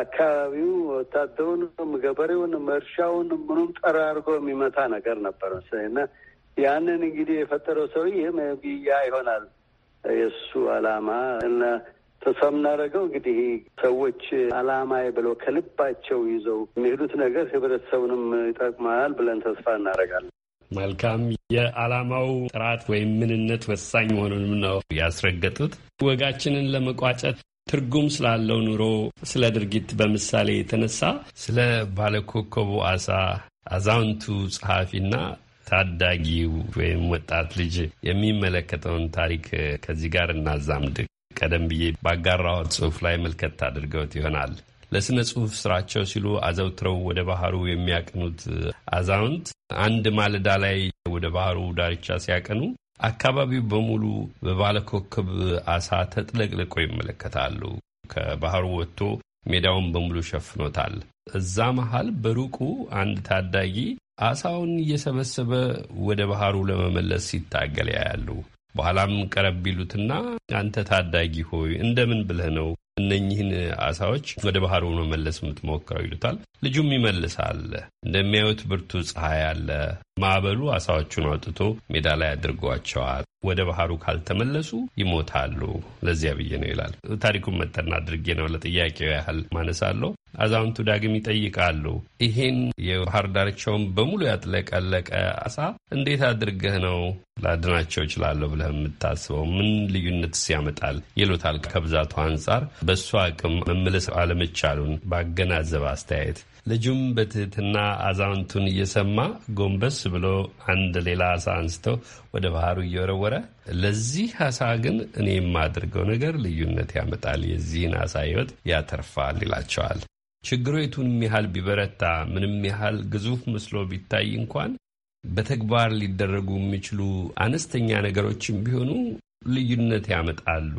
አካባቢው ወታደሩንም ገበሬውንም እርሻውንም ምኑም ጠራርጎ የሚመታ ነገር ነበር እና ያንን እንግዲህ የፈጠረው ሰው ይህም ያ ይሆናል የእሱ አላማ እና ተስፋ የምናደርገው እንግዲህ ሰዎች አላማዬ ብለው ከልባቸው ይዘው የሚሄዱት ነገር ህብረተሰቡንም ይጠቅማል ብለን ተስፋ እናደርጋለን። መልካም የዓላማው ጥራት ወይም ምንነት ወሳኝ መሆኑንም ነው ያስረገጡት። ወጋችንን ለመቋጨት ትርጉም ስላለው ኑሮ ስለ ድርጊት በምሳሌ የተነሳ ስለ ባለኮከቡ አሳ አዛውንቱ ጸሐፊና ታዳጊው ወይም ወጣት ልጅ የሚመለከተውን ታሪክ ከዚህ ጋር እናዛምድግ። ቀደም ብዬ ባጋራሁት ጽሁፍ ላይ ምልከት አድርገውት ይሆናል። ለሥነ ጽሁፍ ስራቸው ሲሉ አዘውትረው ወደ ባህሩ የሚያቅኑት አዛውንት አንድ ማለዳ ላይ ወደ ባህሩ ዳርቻ ሲያቀኑ አካባቢው በሙሉ በባለኮከብ አሳ ተጥለቅልቆ ይመለከታሉ። ከባህሩ ወጥቶ ሜዳውን በሙሉ ሸፍኖታል። እዛ መሃል በሩቁ አንድ ታዳጊ አሳውን እየሰበሰበ ወደ ባህሩ ለመመለስ ሲታገል ያያሉ። በኋላም ቀረብ ቢሉትና አንተ ታዳጊ ሆይ እንደምን ብለህ ነው እነኚህን አሳዎች ወደ ባህሩ መመለስ የምትሞክረው ይሉታል። ልጁም ይመልሳል። እንደሚያዩት ብርቱ ፀሐይ አለ። ማዕበሉ አሳዎቹን አውጥቶ ሜዳ ላይ አድርጓቸዋል። ወደ ባህሩ ካልተመለሱ ይሞታሉ። ለዚያ ብዬ ነው ይላል። ታሪኩን መጠና አድርጌ ነው ለጥያቄው ያህል ማነሳለሁ። አዛውንቱ ዳግም ይጠይቃሉ። ይሄን የባህር ዳርቻውን በሙሉ ያጥለቀለቀ አሳ እንዴት አድርገህ ነው ላድናቸው እችላለሁ ብለህ የምታስበው? ምን ልዩነትስ ያመጣል ይሉታል። ከብዛቱ አንጻር በእሱ አቅም መመለስ አለመቻሉን ባገናዘበ አስተያየት ልጁም በትህትና አዛውንቱን እየሰማ ጎንበስ ብሎ አንድ ሌላ አሳ አንስተው ወደ ባህሩ እየወረወረ ለዚህ አሳ ግን እኔ የማደርገው ነገር ልዩነት ያመጣል፣ የዚህን አሳ ህይወት ያተርፋል ይላቸዋል። ችግሩ የቱንም ያህል ቢበረታ ምንም ያህል ግዙፍ መስሎ ቢታይ እንኳን በተግባር ሊደረጉ የሚችሉ አነስተኛ ነገሮችም ቢሆኑ ልዩነት ያመጣሉ።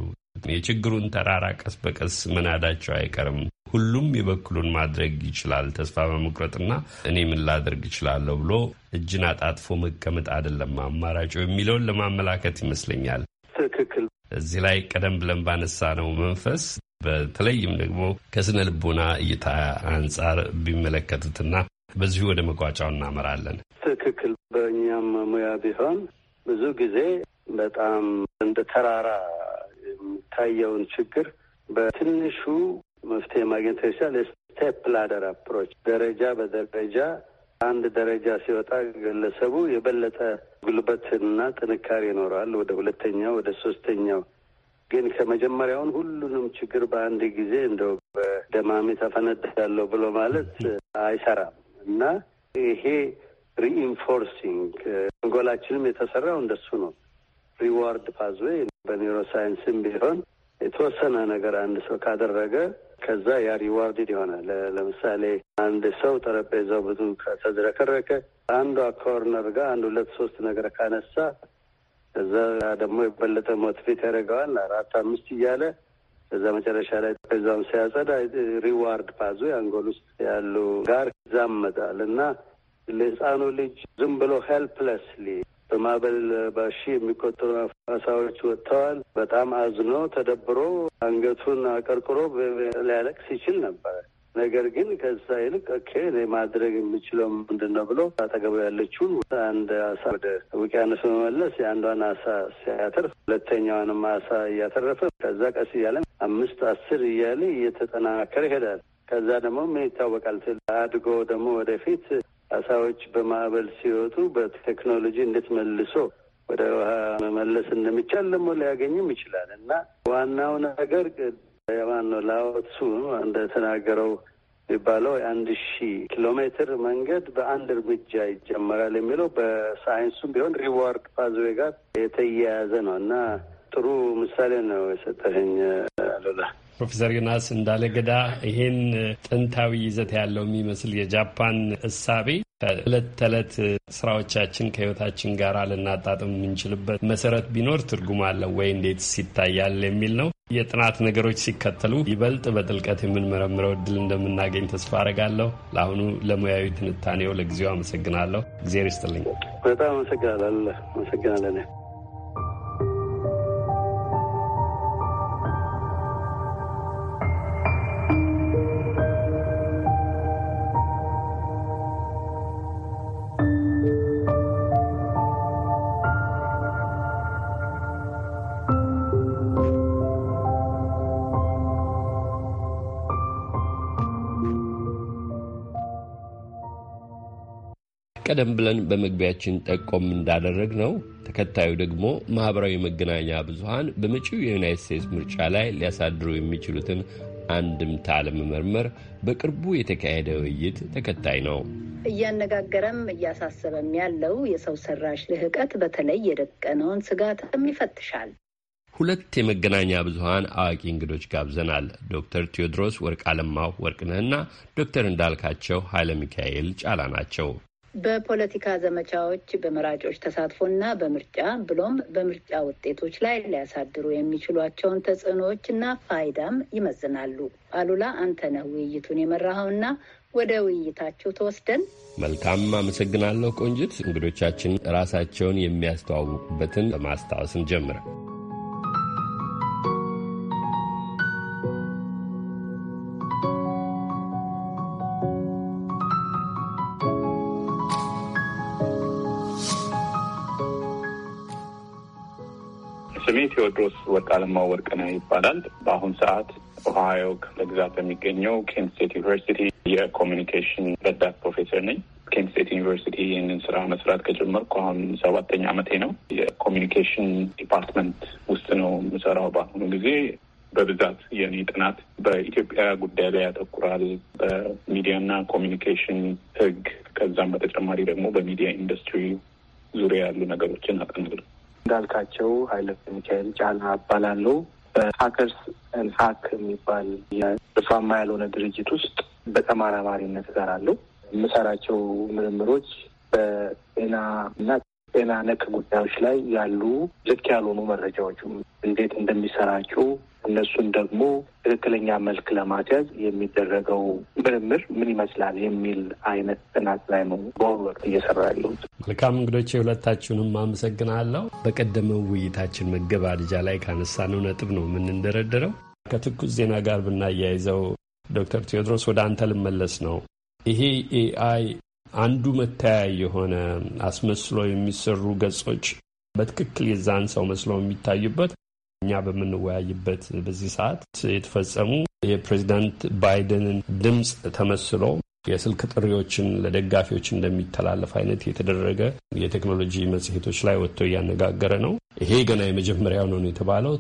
የችግሩን ተራራ ቀስ በቀስ መናዳቸው አይቀርም። ሁሉም የበኩሉን ማድረግ ይችላል። ተስፋ በመቁረጥና እኔ ምን ላደርግ እችላለሁ ብሎ እጅን አጣጥፎ መቀመጥ አይደለም አማራጩ የሚለውን ለማመላከት ይመስለኛል። ትክክል። እዚህ ላይ ቀደም ብለን ባነሳ ነው መንፈስ በተለይም ደግሞ ከስነ ልቦና እይታ አንጻር ቢመለከቱትና በዚሁ ወደ መቋጫው እናመራለን። ትክክል። በእኛም ሙያ ቢሆን ብዙ ጊዜ በጣም እንደ ተራራ የሚታየውን ችግር በትንሹ መፍትሄ ማግኘት ይቻል። ስቴፕ ላደር አፕሮች፣ ደረጃ በደረጃ አንድ ደረጃ ሲወጣ ግለሰቡ የበለጠ ጉልበትና ጥንካሬ ይኖረዋል። ወደ ሁለተኛው፣ ወደ ሶስተኛው ግን ከመጀመሪያውን ሁሉንም ችግር በአንድ ጊዜ እንደው በደማሚ ተፈነድያለሁ ብሎ ማለት አይሰራም እና ይሄ ሪኢንፎርሲንግ አንጎላችንም የተሰራው እንደሱ ነው። ሪዋርድ ፓዝዌይ በኒውሮ ቢሆን የተወሰነ ነገር አንድ ሰው ካደረገ ከዛ ያ ሪዋርድድ ይሆናል። ለምሳሌ አንድ ሰው ጠረጴዛው ብዙ ከተዝረከረከ፣ አንዷ ኮርነር ጋር አንድ ሁለት ሶስት ነገር ካነሳ እዛ ደግሞ የበለጠ ሞቲቬት ያደርገዋል። አራት አምስት እያለ እዛ መጨረሻ ላይ ከዛም ሲያጸዳ ሪዋርድ ፓዙ የአንጎል ውስጥ ያሉ ጋር ይዛመጣል እና ለህፃኑ ልጅ ዝም ብሎ ሄልፕለስሊ በማበል በሺ የሚቆጠሩ አሳዎች ወጥተዋል። በጣም አዝኖ ተደብሮ አንገቱን አቀርቅሮ ሊያለቅስ ይችል ነበረ። ነገር ግን ከዛ ይልቅ ኦኬ ማድረግ የምችለው ምንድን ነው ብሎ አጠገቡ ያለችውን አንድ አሳ ወደ ውቅያኖስ መመለስ የአንዷን አሳ ሲያተርፍ ሁለተኛዋንም አሳ እያተረፈ ከዛ ቀስ እያለ አምስት አስር እያለ እየተጠናከረ ይሄዳል። ከዛ ደግሞ ምን ይታወቃል ትል አድጎ ደግሞ ወደፊት አሳዎች በማዕበል ሲወጡ በቴክኖሎጂ እንዴት መልሶ ወደ ውሃ መመለስ እንደሚቻል ደግሞ ሊያገኝም ይችላል እና ዋናው ነገር የማን ነው ላወሱ እንደተናገረው የሚባለው የአንድ ሺህ ኪሎ ሜትር መንገድ በአንድ እርምጃ ይጀመራል የሚለው በሳይንሱም ቢሆን ሪዋርድ ፓዝዌ ጋር የተያያዘ ነው እና ጥሩ ምሳሌ ነው የሰጠኸኝ አሉላ። ፕሮፌሰር ዮናስ እንዳለ ገዳ ይሄን ጥንታዊ ይዘት ያለው የሚመስል የጃፓን እሳቤ ከእለት ተዕለት ስራዎቻችን ከህይወታችን ጋር ልናጣጥም የምንችልበት መሰረት ቢኖር ትርጉም አለው ወይ እንዴት ይታያል የሚል ነው። የጥናት ነገሮች ሲከተሉ ይበልጥ በጥልቀት የምንመረምረው እድል እንደምናገኝ ተስፋ አረጋለሁ። ለአሁኑ ለሙያዊ ትንታኔው ለጊዜው አመሰግናለሁ። እግዜር ይስጥልኝ። በጣም አመሰግናለሁ። አመሰግናለን። ቀደም ብለን በመግቢያችን ጠቆም እንዳደረግ ነው። ተከታዩ ደግሞ ማኅበራዊ መገናኛ ብዙሃን በመጪው የዩናይት ስቴትስ ምርጫ ላይ ሊያሳድሩ የሚችሉትን አንድምታ ለመመርመር በቅርቡ የተካሄደ ውይይት ተከታይ ነው። እያነጋገረም እያሳሰበም ያለው የሰው ሰራሽ ልህቀት በተለይ የደቀነውን ስጋትም ይፈትሻል። ሁለት የመገናኛ ብዙሀን አዋቂ እንግዶች ጋብዘናል። ዶክተር ቴዎድሮስ ወርቅ አለማው ወርቅነህና ዶክተር እንዳልካቸው ኃይለ ሚካኤል ጫላ ናቸው። በፖለቲካ ዘመቻዎች በመራጮች ተሳትፎና በምርጫ ብሎም በምርጫ ውጤቶች ላይ ሊያሳድሩ የሚችሏቸውን ተጽዕኖዎችና ፋይዳም ይመዝናሉ። አሉላ አንተነህ ውይይቱን የመራኸውና ወደ ውይይታችሁ ተወስደን። መልካም አመሰግናለሁ ቆንጅት። እንግዶቻችን ራሳቸውን የሚያስተዋውቁበትን በማስታወስን ጀምረ ቴዎድሮስ ወርቅ አለማው ወርቅነህ ይባላል። በአሁን ሰዓት ኦሃዮ ክፍለ ግዛት በሚገኘው ኬንት ስቴት ዩኒቨርሲቲ የኮሚኒኬሽን ረዳት ፕሮፌሰር ነኝ። ኬንት ስቴት ዩኒቨርሲቲ ይህንን ስራ መስራት ከጀመርኩ አሁን ሰባተኛ ዓመቴ ነው። የኮሚኒኬሽን ዲፓርትመንት ውስጥ ነው የምሰራው በአሁኑ ጊዜ በብዛት የኔ ጥናት በኢትዮጵያ ጉዳይ ላይ ያተኩራል። በሚዲያና ኮሚኒኬሽን ሕግ ከዛም በተጨማሪ ደግሞ በሚዲያ ኢንዱስትሪ ዙሪያ ያሉ ነገሮችን አጠናለሁ። እንዳልካቸው ኃይለ ሚካኤል ጫላ እባላለሁ። በሀከርስ ኤንድ ሀክ የሚባል የትርፋማ ያልሆነ ድርጅት ውስጥ በተመራማሪነት እሰራለሁ። የምሰራቸው ምርምሮች በጤና እና ጤና ነክ ጉዳዮች ላይ ያሉ ልክ ያልሆኑ መረጃዎች እንዴት እንደሚሰራጩ እነሱን ደግሞ ትክክለኛ መልክ ለማስያዝ የሚደረገው ምርምር ምን ይመስላል የሚል አይነት ጥናት ላይ ነው በአሁኑ ወቅት እየሰራ ያለሁት። መልካም እንግዶች፣ የሁለታችሁንም አመሰግናለሁ። በቀደመው ውይይታችን መገባደጃ ላይ ካነሳነው ነጥብ ነው የምንደረደረው። ከትኩስ ዜና ጋር ብናያይዘው ዶክተር ቴዎድሮስ ወደ አንተ ልመለስ ነው። ይሄ ኤአይ አንዱ መታያ የሆነ አስመስሎ የሚሰሩ ገጾች በትክክል የዛን ሰው መስለው የሚታዩበት እኛ በምንወያይበት በዚህ ሰዓት የተፈጸሙ የፕሬዚዳንት ባይደንን ድምፅ ተመስሎ የስልክ ጥሪዎችን ለደጋፊዎች እንደሚተላለፍ አይነት የተደረገ የቴክኖሎጂ መጽሔቶች ላይ ወጥቶ እያነጋገረ ነው። ይሄ ገና የመጀመሪያው ነው የተባለው።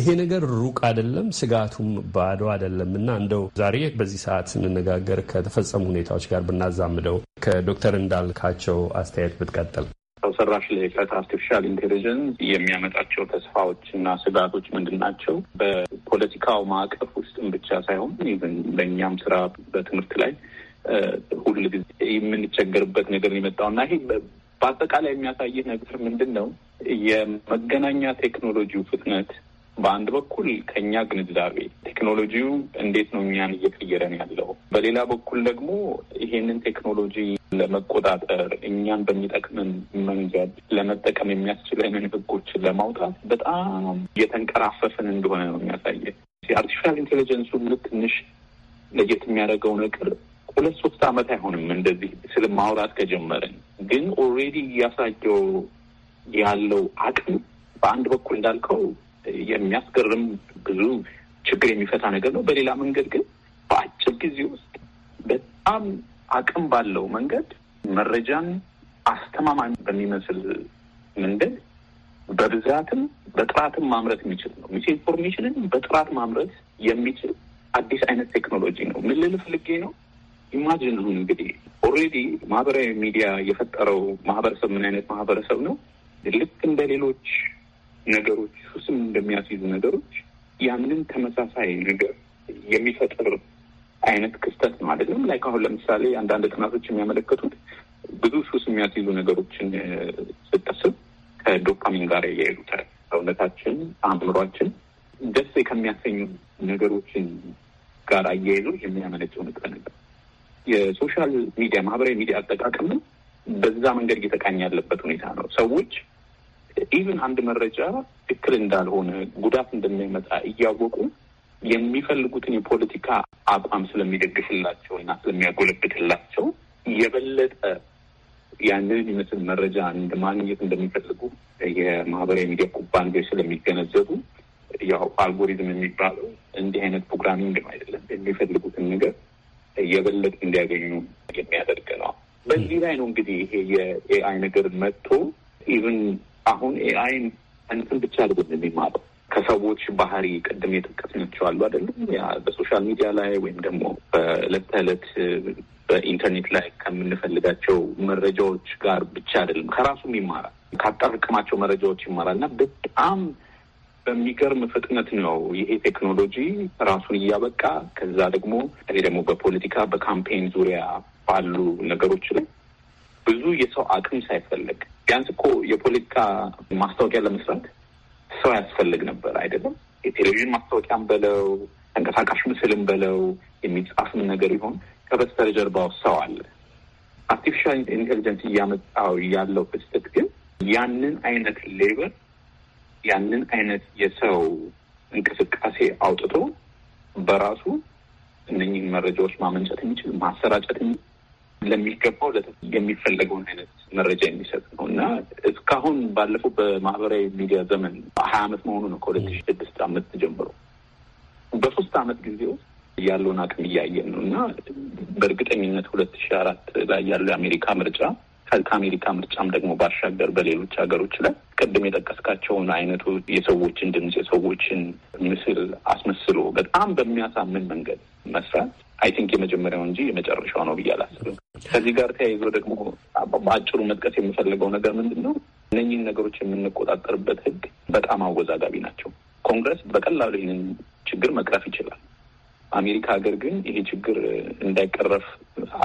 ይሄ ነገር ሩቅ አይደለም፣ ስጋቱም ባዶ አይደለም እና እንደው ዛሬ በዚህ ሰዓት ስንነጋገር ከተፈጸሙ ሁኔታዎች ጋር ብናዛምደው ከዶክተር እንዳልካቸው አስተያየት ብትቀጥል ሰው ሰራሽ ልህቀት አርቲፊሻል ኢንቴሊጀንስ የሚያመጣቸው ተስፋዎች እና ስጋቶች ምንድን ናቸው? በፖለቲካው ማዕቀፍ ውስጥም ብቻ ሳይሆን ኢቨን በእኛም ስራ በትምህርት ላይ ሁል ጊዜ የምንቸገርበት ነገር የመጣው እና ይሄ በአጠቃላይ የሚያሳይህ ነገር ምንድን ነው? የመገናኛ ቴክኖሎጂው ፍጥነት በአንድ በኩል ከኛ ግንዛቤ ቴክኖሎጂው እንዴት ነው እኛን እየቀየረን ያለው፣ በሌላ በኩል ደግሞ ይሄንን ቴክኖሎጂ ለመቆጣጠር እኛን በሚጠቅምን መንገድ ለመጠቀም የሚያስችለንን ህጎችን ለማውጣት በጣም እየተንቀራፈፍን እንደሆነ ነው የሚያሳየ። የአርቲፊሻል ኢንቴሊጀንሱ ልክ ትንሽ ለየት የሚያደርገው ነገር ሁለት ሶስት ዓመት አይሆንም እንደዚህ ስል ማውራት ከጀመረን፣ ግን ኦልሬዲ እያሳየው ያለው አቅም በአንድ በኩል እንዳልከው የሚያስገርም ብዙ ችግር የሚፈታ ነገር ነው። በሌላ መንገድ ግን በአጭር ጊዜ ውስጥ በጣም አቅም ባለው መንገድ መረጃን አስተማማኝ በሚመስል መንገድ በብዛትም በጥራትም ማምረት የሚችል ነው። ሚስ ኢንፎርሜሽንን በጥራት ማምረት የሚችል አዲስ አይነት ቴክኖሎጂ ነው። ምን ልል ፈልጌ ነው? ኢማጅን ሁን እንግዲህ ኦልሬዲ ማህበራዊ ሚዲያ የፈጠረው ማህበረሰብ ምን አይነት ማህበረሰብ ነው? ልክ እንደ ሌሎች ነገሮች ሱስም እንደሚያስይዙ ነገሮች ያንን ተመሳሳይ ነገር የሚፈጥር አይነት ክስተት ማለት ነው። ላይክ አሁን ለምሳሌ አንዳንድ ጥናቶች የሚያመለከቱት ብዙ ሱስ የሚያስይዙ ነገሮችን ስጠስብ ከዶፓሚን ጋር ያያይዙታል። ሰውነታችን፣ አእምሯችን ደስ ከሚያሰኙ ነገሮችን ጋር አያይዞ የሚያመነጨው ንጥረ ነገር የሶሻል ሚዲያ ማህበራዊ ሚዲያ አጠቃቀም በዛ መንገድ እየተቃኘ ያለበት ሁኔታ ነው። ሰዎች ኢቨን አንድ መረጃ ትክክል እንዳልሆነ ጉዳት እንደሚመጣ እያወቁ የሚፈልጉትን የፖለቲካ አቋም ስለሚደግፍላቸው እና ስለሚያጎለብትላቸው የበለጠ ያንን የሚመስል መረጃ ማግኘት እንደሚፈልጉ የማህበራዊ ሚዲያ ኩባንያዎች ስለሚገነዘቡ ያው አልጎሪዝም የሚባለው እንዲህ አይነት ፕሮግራሚንግ አይደለም። የሚፈልጉትን ነገር የበለጠ እንዲያገኙ የሚያደርግ ነው። በዚህ ላይ ነው እንግዲህ ይሄ የኤአይ ነገር መጥቶ ኢቨን አሁን ኤአይን እንትን ብቻ አድርጎ የሚማረው ከሰዎች ባህሪ ቅድም የጠቀስ ናቸው አሉ አይደለም በሶሻል ሚዲያ ላይ ወይም ደግሞ በእለት ተእለት በኢንተርኔት ላይ ከምንፈልጋቸው መረጃዎች ጋር ብቻ አይደለም ከራሱም ይማራል ካጠራቀማቸው መረጃዎች ይማራል እና በጣም በሚገርም ፍጥነት ነው ይሄ ቴክኖሎጂ ራሱን እያበቃ ከዛ ደግሞ እኔ ደግሞ በፖለቲካ በካምፔን ዙሪያ ባሉ ነገሮች ላይ ብዙ የሰው አቅም ሳይፈልግ ቢያንስ እኮ የፖለቲካ ማስታወቂያ ለመስራት ሰው ያስፈልግ ነበር አይደለም። የቴሌቪዥን ማስታወቂያም በለው ተንቀሳቃሽ ምስልም በለው የሚጻፍም ነገር ይሆን ከበስተጀርባው ሰው አለ። አርቲፊሻል ኢንቴሊጀንስ እያመጣው ያለው ክስተት ግን ያንን አይነት ሌበር ያንን አይነት የሰው እንቅስቃሴ አውጥቶ በራሱ እነኝህን መረጃዎች ማመንጨት የሚችል ማሰራጨት የሚችል ለሚገባው የሚፈለገውን አይነት መረጃ የሚሰጥ ነው እና እስካሁን ባለፈው በማህበራዊ ሚዲያ ዘመን ሀያ አመት መሆኑ ነው ከሁለት ሺ ስድስት አመት ጀምሮ በሶስት አመት ጊዜ ውስጥ ያለውን አቅም እያየን ነው እና በእርግጠኝነት ሁለት ሺ አራት ላይ ያለው የአሜሪካ ምርጫ ከአሜሪካ ምርጫም ደግሞ ባሻገር በሌሎች ሀገሮች ላይ ቅድም የጠቀስካቸውን አይነቱ የሰዎችን ድምፅ የሰዎችን ምስል አስመስሎ በጣም በሚያሳምን መንገድ መስራት አይ ቲንክ የመጀመሪያው እንጂ የመጨረሻው ነው ብዬ አላስብም። ከዚህ ጋር ተያይዞ ደግሞ በአጭሩ መጥቀስ የምፈልገው ነገር ምንድን ነው፣ እነኚህን ነገሮች የምንቆጣጠርበት ህግ በጣም አወዛጋቢ ናቸው። ኮንግረስ በቀላሉ ይህንን ችግር መቅረፍ ይችላል። አሜሪካ ሀገር ግን ይሄ ችግር እንዳይቀረፍ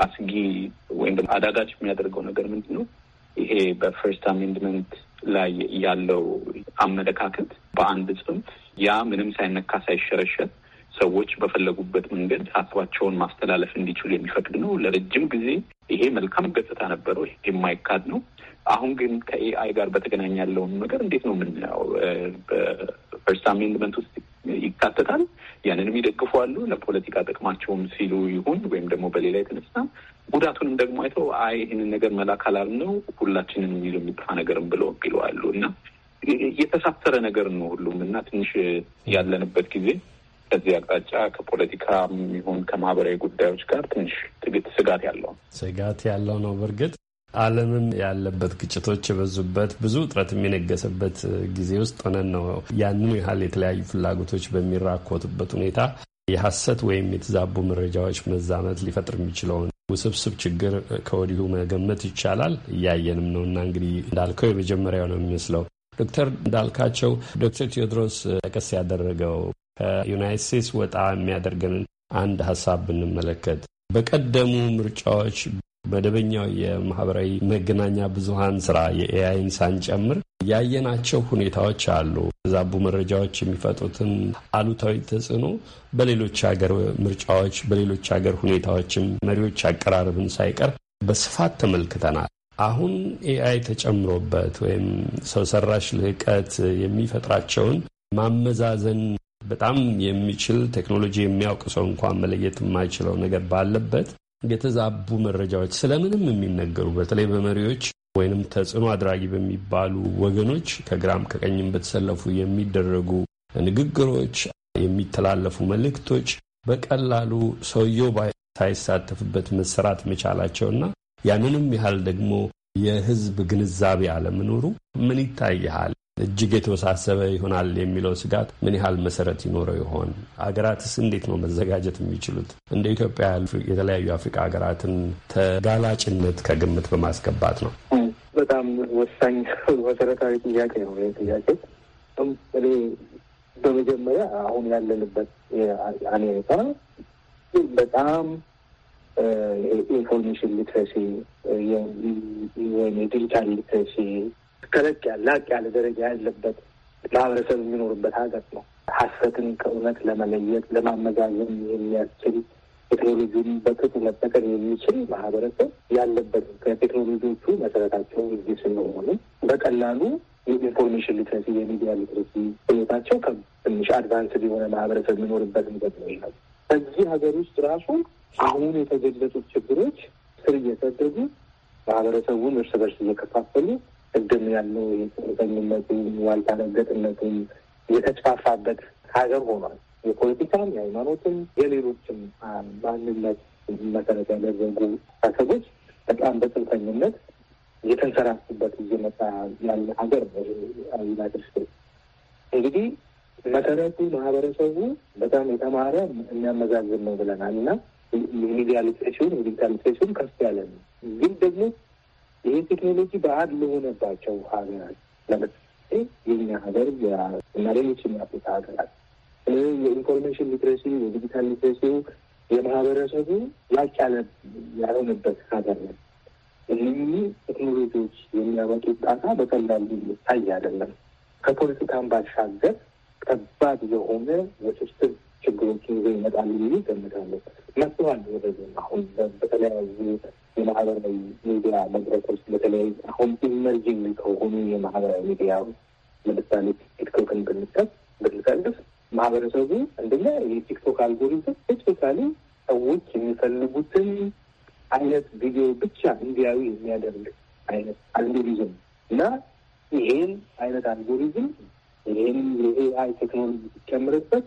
አስጊ ወይም አዳጋች የሚያደርገው ነገር ምንድን ነው? ይሄ በፈርስት አሜንድመንት ላይ ያለው አመለካከት በአንድ ጽንፍ ያ ምንም ሳይነካ ሳይሸረሸር ሰዎች በፈለጉበት መንገድ ሀሳባቸውን ማስተላለፍ እንዲችሉ የሚፈቅድ ነው። ለረጅም ጊዜ ይሄ መልካም ገጽታ ነበረው፣ የማይካድ ነው። አሁን ግን ከኤአይ ጋር በተገናኝ ያለውን ነገር እንዴት ነው የምናየው? በፈርስት አሜንድመንት ውስጥ ይካተታል። ያንንም አሉ ለፖለቲካ ጥቅማቸውም ሲሉ ይሁን ወይም ደግሞ በሌላ የተነሳ ጉዳቱንም ደግሞ አይተው አይ ይህንን ነገር መላካላል ነው ሁላችንን የሚሉ የሚጠፋ ነገርም ብለው ይለዋሉ እና የተሳሰረ ነገር ነው ሁሉም እና ትንሽ ያለንበት ጊዜ ከዚህ አቅጣጫ ከፖለቲካ ይሁን ከማህበራዊ ጉዳዮች ጋር ትንሽ ስጋት ያለው ስጋት ያለው ነው። በእርግጥ ዓለምም ያለበት ግጭቶች የበዙበት ብዙ ውጥረት የሚነገሰበት ጊዜ ውስጥ ሆነን ነው ያንኑ ያህል የተለያዩ ፍላጎቶች በሚራኮቱበት ሁኔታ የሐሰት ወይም የተዛቡ መረጃዎች መዛመት ሊፈጥር የሚችለውን ውስብስብ ችግር ከወዲሁ መገመት ይቻላል። እያየንም ነው እና እንግዲህ እንዳልከው የመጀመሪያው ነው የሚመስለው። ዶክተር እንዳልካቸው ዶክተር ቴዎድሮስ ጠቀስ ያደረገው ከዩናይት ስቴትስ ወጣ የሚያደርገንን አንድ ሀሳብ ብንመለከት በቀደሙ ምርጫዎች መደበኛው የማህበራዊ መገናኛ ብዙሀን ስራ የኤአይን ሳንጨምር ያየናቸው ሁኔታዎች አሉ። ዛቡ መረጃዎች የሚፈጥሩትን አሉታዊ ተጽዕኖ በሌሎች ሀገር ምርጫዎች፣ በሌሎች ሀገር ሁኔታዎችም መሪዎች አቀራረብን ሳይቀር በስፋት ተመልክተናል። አሁን ኤአይ ተጨምሮበት ወይም ሰው ሰራሽ ልህቀት የሚፈጥራቸውን ማመዛዘን በጣም የሚችል ቴክኖሎጂ የሚያውቅ ሰው እንኳን መለየት የማይችለው ነገር ባለበት የተዛቡ መረጃዎች ስለምንም የሚነገሩ በተለይ በመሪዎች ወይንም ተጽዕኖ አድራጊ በሚባሉ ወገኖች ከግራም ከቀኝም በተሰለፉ የሚደረጉ ንግግሮች፣ የሚተላለፉ መልእክቶች በቀላሉ ሰውየው ሳይሳተፍበት መሰራት መቻላቸውና ያንንም ያህል ደግሞ የሕዝብ ግንዛቤ አለመኖሩ ምን ይታይሃል? እጅግ የተወሳሰበ ይሆናል የሚለው ስጋት ምን ያህል መሰረት ይኖረው ይሆን? ሀገራትስ እንዴት ነው መዘጋጀት የሚችሉት? እንደ ኢትዮጵያ የተለያዩ አፍሪካ ሀገራትን ተጋላጭነት ከግምት በማስገባት ነው። በጣም ወሳኝ መሰረታዊ ጥያቄ ነው ይህ ጥያቄ። እኔ በመጀመሪያ አሁን ያለንበት አሜሪካ በጣም ኢንፎርሜሽን ሊትረሲ ወይም የዲጂታል ሊትረሲ ተለቅ ያለ ላቅ ያለ ደረጃ ያለበት ማህበረሰብ የሚኖርበት ሀገር ነው። ሀሰትን ከእውነት ለመለየት ለማመዛዘን የሚያስችል ቴክኖሎጂን በቅጡ መጠቀም የሚችል ማህበረሰብ ያለበት ከቴክኖሎጂዎቹ መሰረታቸው እዚህ ስለሆኑ በቀላሉ የኢንፎርሜሽን ሊትረሲ የሚዲያ ሊትረሲ ሁኔታቸው ከትንሽ አድቫንስ የሆነ ማህበረሰብ የሚኖርበት ንገት ነው ይላል። በዚህ ሀገር ውስጥ ራሱ አሁን የተገለጹት ችግሮች ስር እየሰደዱ ማህበረሰቡን እርስ በርስ እየከፋፈሉ ቅድም ያለው የጦርተኝነቱም ዋልታነገጥነቱም ነገጥነቱም የተስፋፋበት ሀገር ሆኗል። የፖለቲካም የሃይማኖትም የሌሎችም ማንነት መሰረት ያደረጉ አሰቦች በጣም በጽንፈኝነት የተንሰራፉበት እየመጣ ያለ ሀገር ዩናይትድ ስቴትስ እንግዲህ መሰረቱ ማህበረሰቡ በጣም የተማረ የሚያመዛዝን ነው ብለናል እና ሚዲያ ሊትሬሽን ዲጂታል ሊትሬሽን ከፍ ያለ ነው ግን ደግሞ ይህ ቴክኖሎጂ ባዕድ ለሆነባቸው ሀገራት ለምሳሌ የኛ ሀገር እና ሌሎችም የአፍሪካ ሀገራት የኢንፎርሜሽን ሊትሬሲ የዲጂታል ሊትሬሲ የማህበረሰቡ ላቅ ያለ ያልሆነበት ሀገር ነው። እነህ ቴክኖሎጂዎች የሚያመጡት ጣጣ በቀላሉ ሊታይ አይደለም። ከፖለቲካን ባሻገር ከባድ የሆነ ውስብስብ ችግሮችን ይዘው ይመጣሉ ብዬ እገምታለሁ። መጥተዋል ወደዚህ አሁን በተለያዩ የማህበራዊ ሚዲያ መድረኮች በተለይ አሁን ኢመርጂንግ ከሆኑ የማህበራዊ ሚዲያ ለምሳሌ ቲክቶክን ብንቀፍ ብንቀልፍ ማህበረሰቡ አንደኛ የቲክቶክ አልጎሪዝም ስፔሻሊ ሰዎች የሚፈልጉትን አይነት ቪዲዮ ብቻ እንዲያዩ የሚያደርግ አይነት አልጎሪዝም እና ይሄን አይነት አልጎሪዝም ይህን የኤአይ ቴክኖሎጂ ሲጨምርበት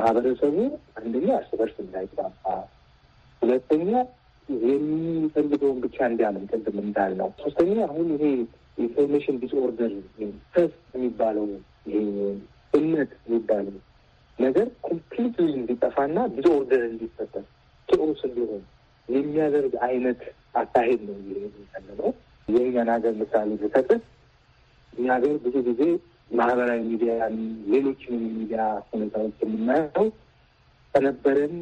ማህበረሰቡ አንደኛ እርስ በርስ እንዳይጣፋ፣ ሁለተኛ የሚፈልገውን ብቻ እንዲያምን ቅድም እንዳልነው። ሶስተኛ አሁን ይሄ ኢንፎርሜሽን ዲስኦርደር ፈስ የሚባለው ይሄ እምነት የሚባለው ነገር ኮምፕሊት እንዲጠፋና ዲስኦርደር እንዲፈጠር ኬኦስ እንዲሆን የሚያደርግ አይነት አካሄድ ነው የሚፈልገው። የእኛን ሀገር ምሳሌ ብሰጥህ እኛ ሀገር ብዙ ጊዜ ማህበራዊ ሚዲያ ሌሎችንም የሚዲያ ሁኔታዎች የምናየው ከነበረን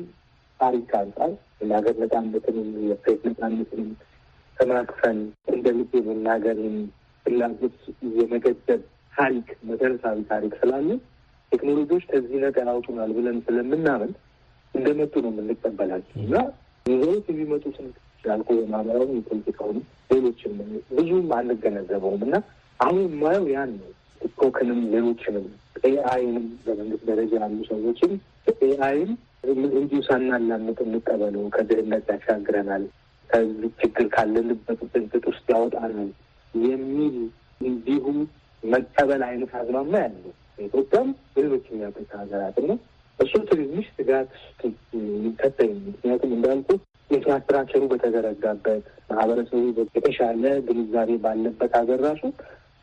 ታሪክ አንጻር ለሀገር ነጻነትንም የፕሬስ ነጻነትንም ተማክፈን እንደልብ የመናገርን ፍላጎት የመገደብ ታሪክ መሰረታዊ ታሪክ ስላለ ቴክኖሎጂዎች ከዚህ ነገር አውጡናል ብለን ስለምናምን እንደመጡ ነው የምንቀበላቸው እና ይዘውት የሚመጡትን ያልኩ የማህበራዊ የፖለቲካውን ሌሎችም ብዙም አንገነዘበውም እና አሁን የማየው ያን ነው። ቲክቶክንም ሌሎችንም ኤአይንም በመንግስት ደረጃ ያሉ ሰዎችም ኤአይም እንዲሁ ሳናላምጥ እንቀበለው። ከድህነት ያሻግረናል፣ ከዚህ ችግር ካለንበት ብጥብጥ ውስጥ ያወጣናል የሚል እንዲሁም መቀበል አይነት አዝማማ ያለ ኢትዮጵያም ሌሎች የሚያውቁት ሀገራት ነው። እሱ ትንሽ ስጋት ይከተል። ምክንያቱም እንዳልኩ ኢንፍራስትራክቸሩ በተዘረጋበት ማህበረሰቡ የተሻለ ግንዛቤ ባለበት ሀገር ራሱ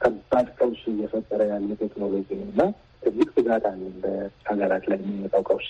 ከባድ ቀውስ እየፈጠረ ያለ ቴክኖሎጂ ነው እና ትልቅ ስጋት አለ በሀገራት ላይ የሚመጣው ቀውስ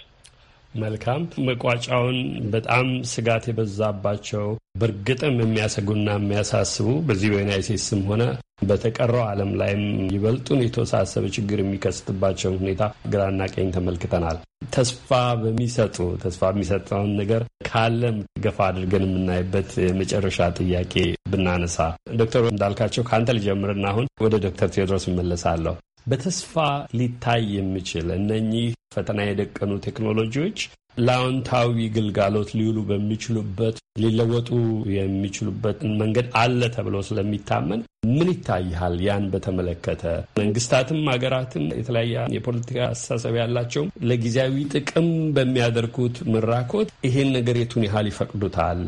መልካም መቋጫውን በጣም ስጋት የበዛባቸው በእርግጥም የሚያሰጉና የሚያሳስቡ በዚህ በዩናይት ስቴትስም ሆነ በተቀረው ዓለም ላይም ይበልጡን የተወሳሰበ ችግር የሚከሰትባቸውን ሁኔታ ግራና ቀኝ ተመልክተናል። ተስፋ በሚሰጡ ተስፋ የሚሰጠውን ነገር ካለም ገፋ አድርገን የምናይበት የመጨረሻ ጥያቄ ብናነሳ፣ ዶክተር እንዳልካቸው ከአንተ ልጀምርና አሁን ወደ ዶክተር ቴዎድሮስ እመለሳለሁ። በተስፋ ሊታይ የሚችል እነኚህ ፈተና የደቀኑ ቴክኖሎጂዎች ለአዎንታዊ ግልጋሎት ሊውሉ በሚችሉበት ሊለወጡ የሚችሉበት መንገድ አለ ተብሎ ስለሚታመን ምን ይታይሃል? ያን በተመለከተ መንግስታትም ሀገራትም የተለያየ የፖለቲካ አስተሳሰብ ያላቸውም ለጊዜያዊ ጥቅም በሚያደርጉት ምራኮት ይሄን ነገር የቱን ያህል ይፈቅዱታል?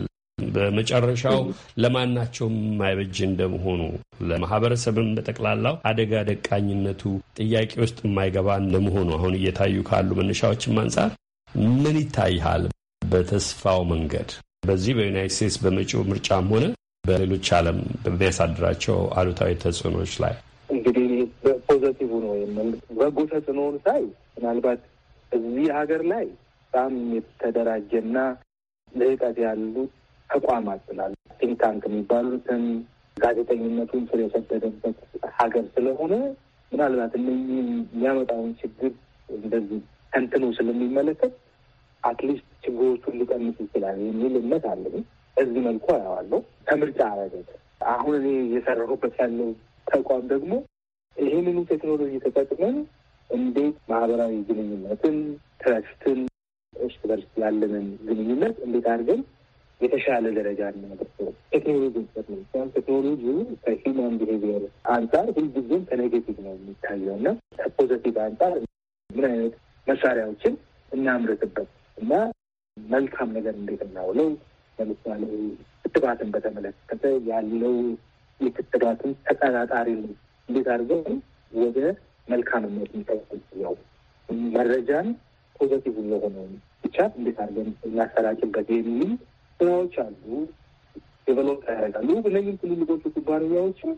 በመጨረሻው ለማናቸውም የማይበጅ እንደመሆኑ ለማህበረሰብም በጠቅላላው አደጋ ደቃኝነቱ ጥያቄ ውስጥ የማይገባ እንደመሆኑ አሁን እየታዩ ካሉ መነሻዎችም አንጻር ምን ይታይሃል? በተስፋው መንገድ በዚህ በዩናይት ስቴትስ በመጪው ምርጫም ሆነ በሌሎች ዓለም በሚያሳድራቸው አሉታዊ ተጽዕኖች ላይ እንግዲህ ፖዘቲቭ ነው በጎ ተጽዕኖውን ሳይ ምናልባት እዚህ ሀገር ላይ በጣም የተደራጀና ልህቀት ያሉ ተቋማት ስላሉ ቲንክ ታንክ የሚባሉትን ጋዜጠኝነቱን ስር የሰደደበት ሀገር ስለሆነ ምናልባት እነዚህ የሚያመጣውን ችግር እንደዚህ ተንትኖ ስለሚመለከት አትሊስት ችግሮቹን ሊቀንስ ይችላል የሚል እምነት አለኝ። እዚህ መልኩ አየዋለሁ። ከምርጫ ረገድ አሁን እኔ እየሰራሁበት ያለው ተቋም ደግሞ ይህንኑ ቴክኖሎጂ ተጠቅመን እንዴት ማህበራዊ ግንኙነትን፣ ትረስትን፣ እርስ በርስ ስላለንን ግንኙነት እንዴት አድርገን የተሻለ ደረጃ እናደርሰው ቴክኖሎጂ ተጠቅመን ቴክኖሎጂ ከሂማን ብሄቪየር አንጻር ሁልጊዜም ከኔጌቲቭ ነው የሚታየው እና ከፖዘቲቭ አንጻር ምን አይነት መሳሪያዎችን እናምርትበት እና መልካም ነገር እንዴት እናውለው። ለምሳሌ ክትባትን በተመለከተ ያለው የክትባትን ተጠራጣሪ እንዴት አድርገው ወደ መልካምነት የሚጠው መረጃን ፖዘቲቭ የሆነውን ብቻ እንዴት አድርገን እናሰራጭበት የሚል ስራዎች አሉ፣ ዴቨሎፕ ያደርጋሉ። እነዚህም ትልልቆቹ ኩባንያዎችም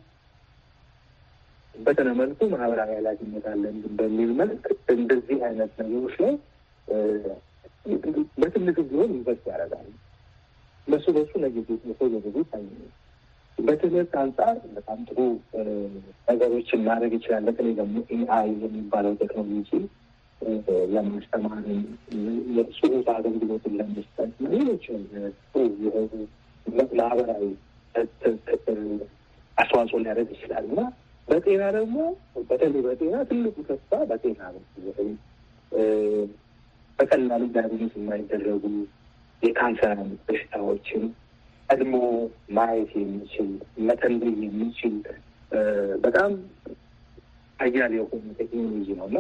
በተነ መልኩ ማህበራዊ ኃላፊነት አለን በሚል መልክ እንደዚህ አይነት ነገሮች ላይ በትልቅ ቢሆን ኢንቨስት ያደርጋል። በሱ በሱ ነጌጌት ሰው ነጌጌት አይ በትምህርት አንጻር በጣም ጥሩ ነገሮችን ማድረግ ይችላል። በተለይ ደግሞ ኤአይ የሚባለው ቴክኖሎጂ ለማስተማር ጽሁፍ አገልግሎትን ለመስጠት ሌሎች የሆኑ ለማህበራዊ አስተዋጽኦ ሊያደርግ ይችላል እና በጤና ደግሞ በተለይ በጤና ትልቁ ተስፋ በጤና ነው በቀላሉ ዳያግኖዝ የማይደረጉ የካንሰር በሽታዎችን ቀድሞ ማየት የሚችል መተንበይ የሚችል በጣም አያል የሆኑ ቴክኖሎጂ ነው እና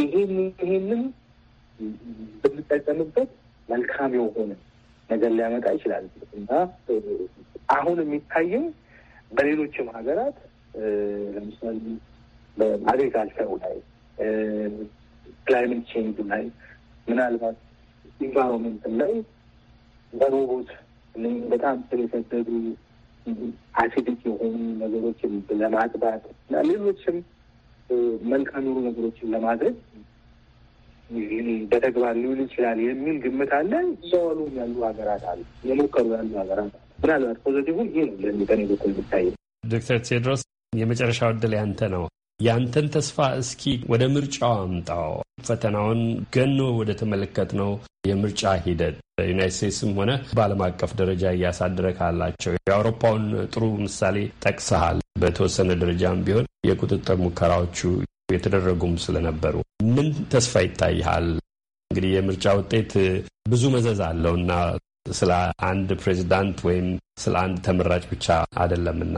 ይህን ይሄንን ብንጠቀምበት መልካም የሆነ ነገር ሊያመጣ ይችላል እና አሁን የሚታየው በሌሎችም ሀገራት ለምሳሌ በአግሪካልቸሩ ላይ ክላይመት ቼንጅ ላይ ምናልባት ኢንቫይሮንመንት ላይ በሮቦት በጣም ስር የሰደዱ አሲዲክ የሆኑ ነገሮችን ለማጥባት እና ሌሎችም መልካም የሆኑ ነገሮችን ለማድረግ በተግባር ሊውል ይችላል የሚል ግምት አለ። እያዋሉ ያሉ ሀገራት አሉ፣ የሞከሩ ያሉ ሀገራት አሉ። ምናልባት ፖዘቲቭ ይህ ነው ለሚጠን በኩል የሚታይ ዶክተር ቴድሮስ የመጨረሻው ዕድል ያንተ ነው። ያንተን ተስፋ እስኪ ወደ ምርጫው አምጣው። ፈተናውን ገኖ ወደ ተመለከት ነው የምርጫ ሂደት ዩናይት ስቴትስም ሆነ በዓለም አቀፍ ደረጃ እያሳደረ ካላቸው የአውሮፓውን ጥሩ ምሳሌ ጠቅሰሃል። በተወሰነ ደረጃም ቢሆን የቁጥጥር ሙከራዎቹ የተደረጉም ስለነበሩ ምን ተስፋ ይታይሃል? እንግዲህ የምርጫ ውጤት ብዙ መዘዝ አለው እና ስለ አንድ ፕሬዚዳንት ወይም ስለ አንድ ተመራጭ ብቻ አይደለምና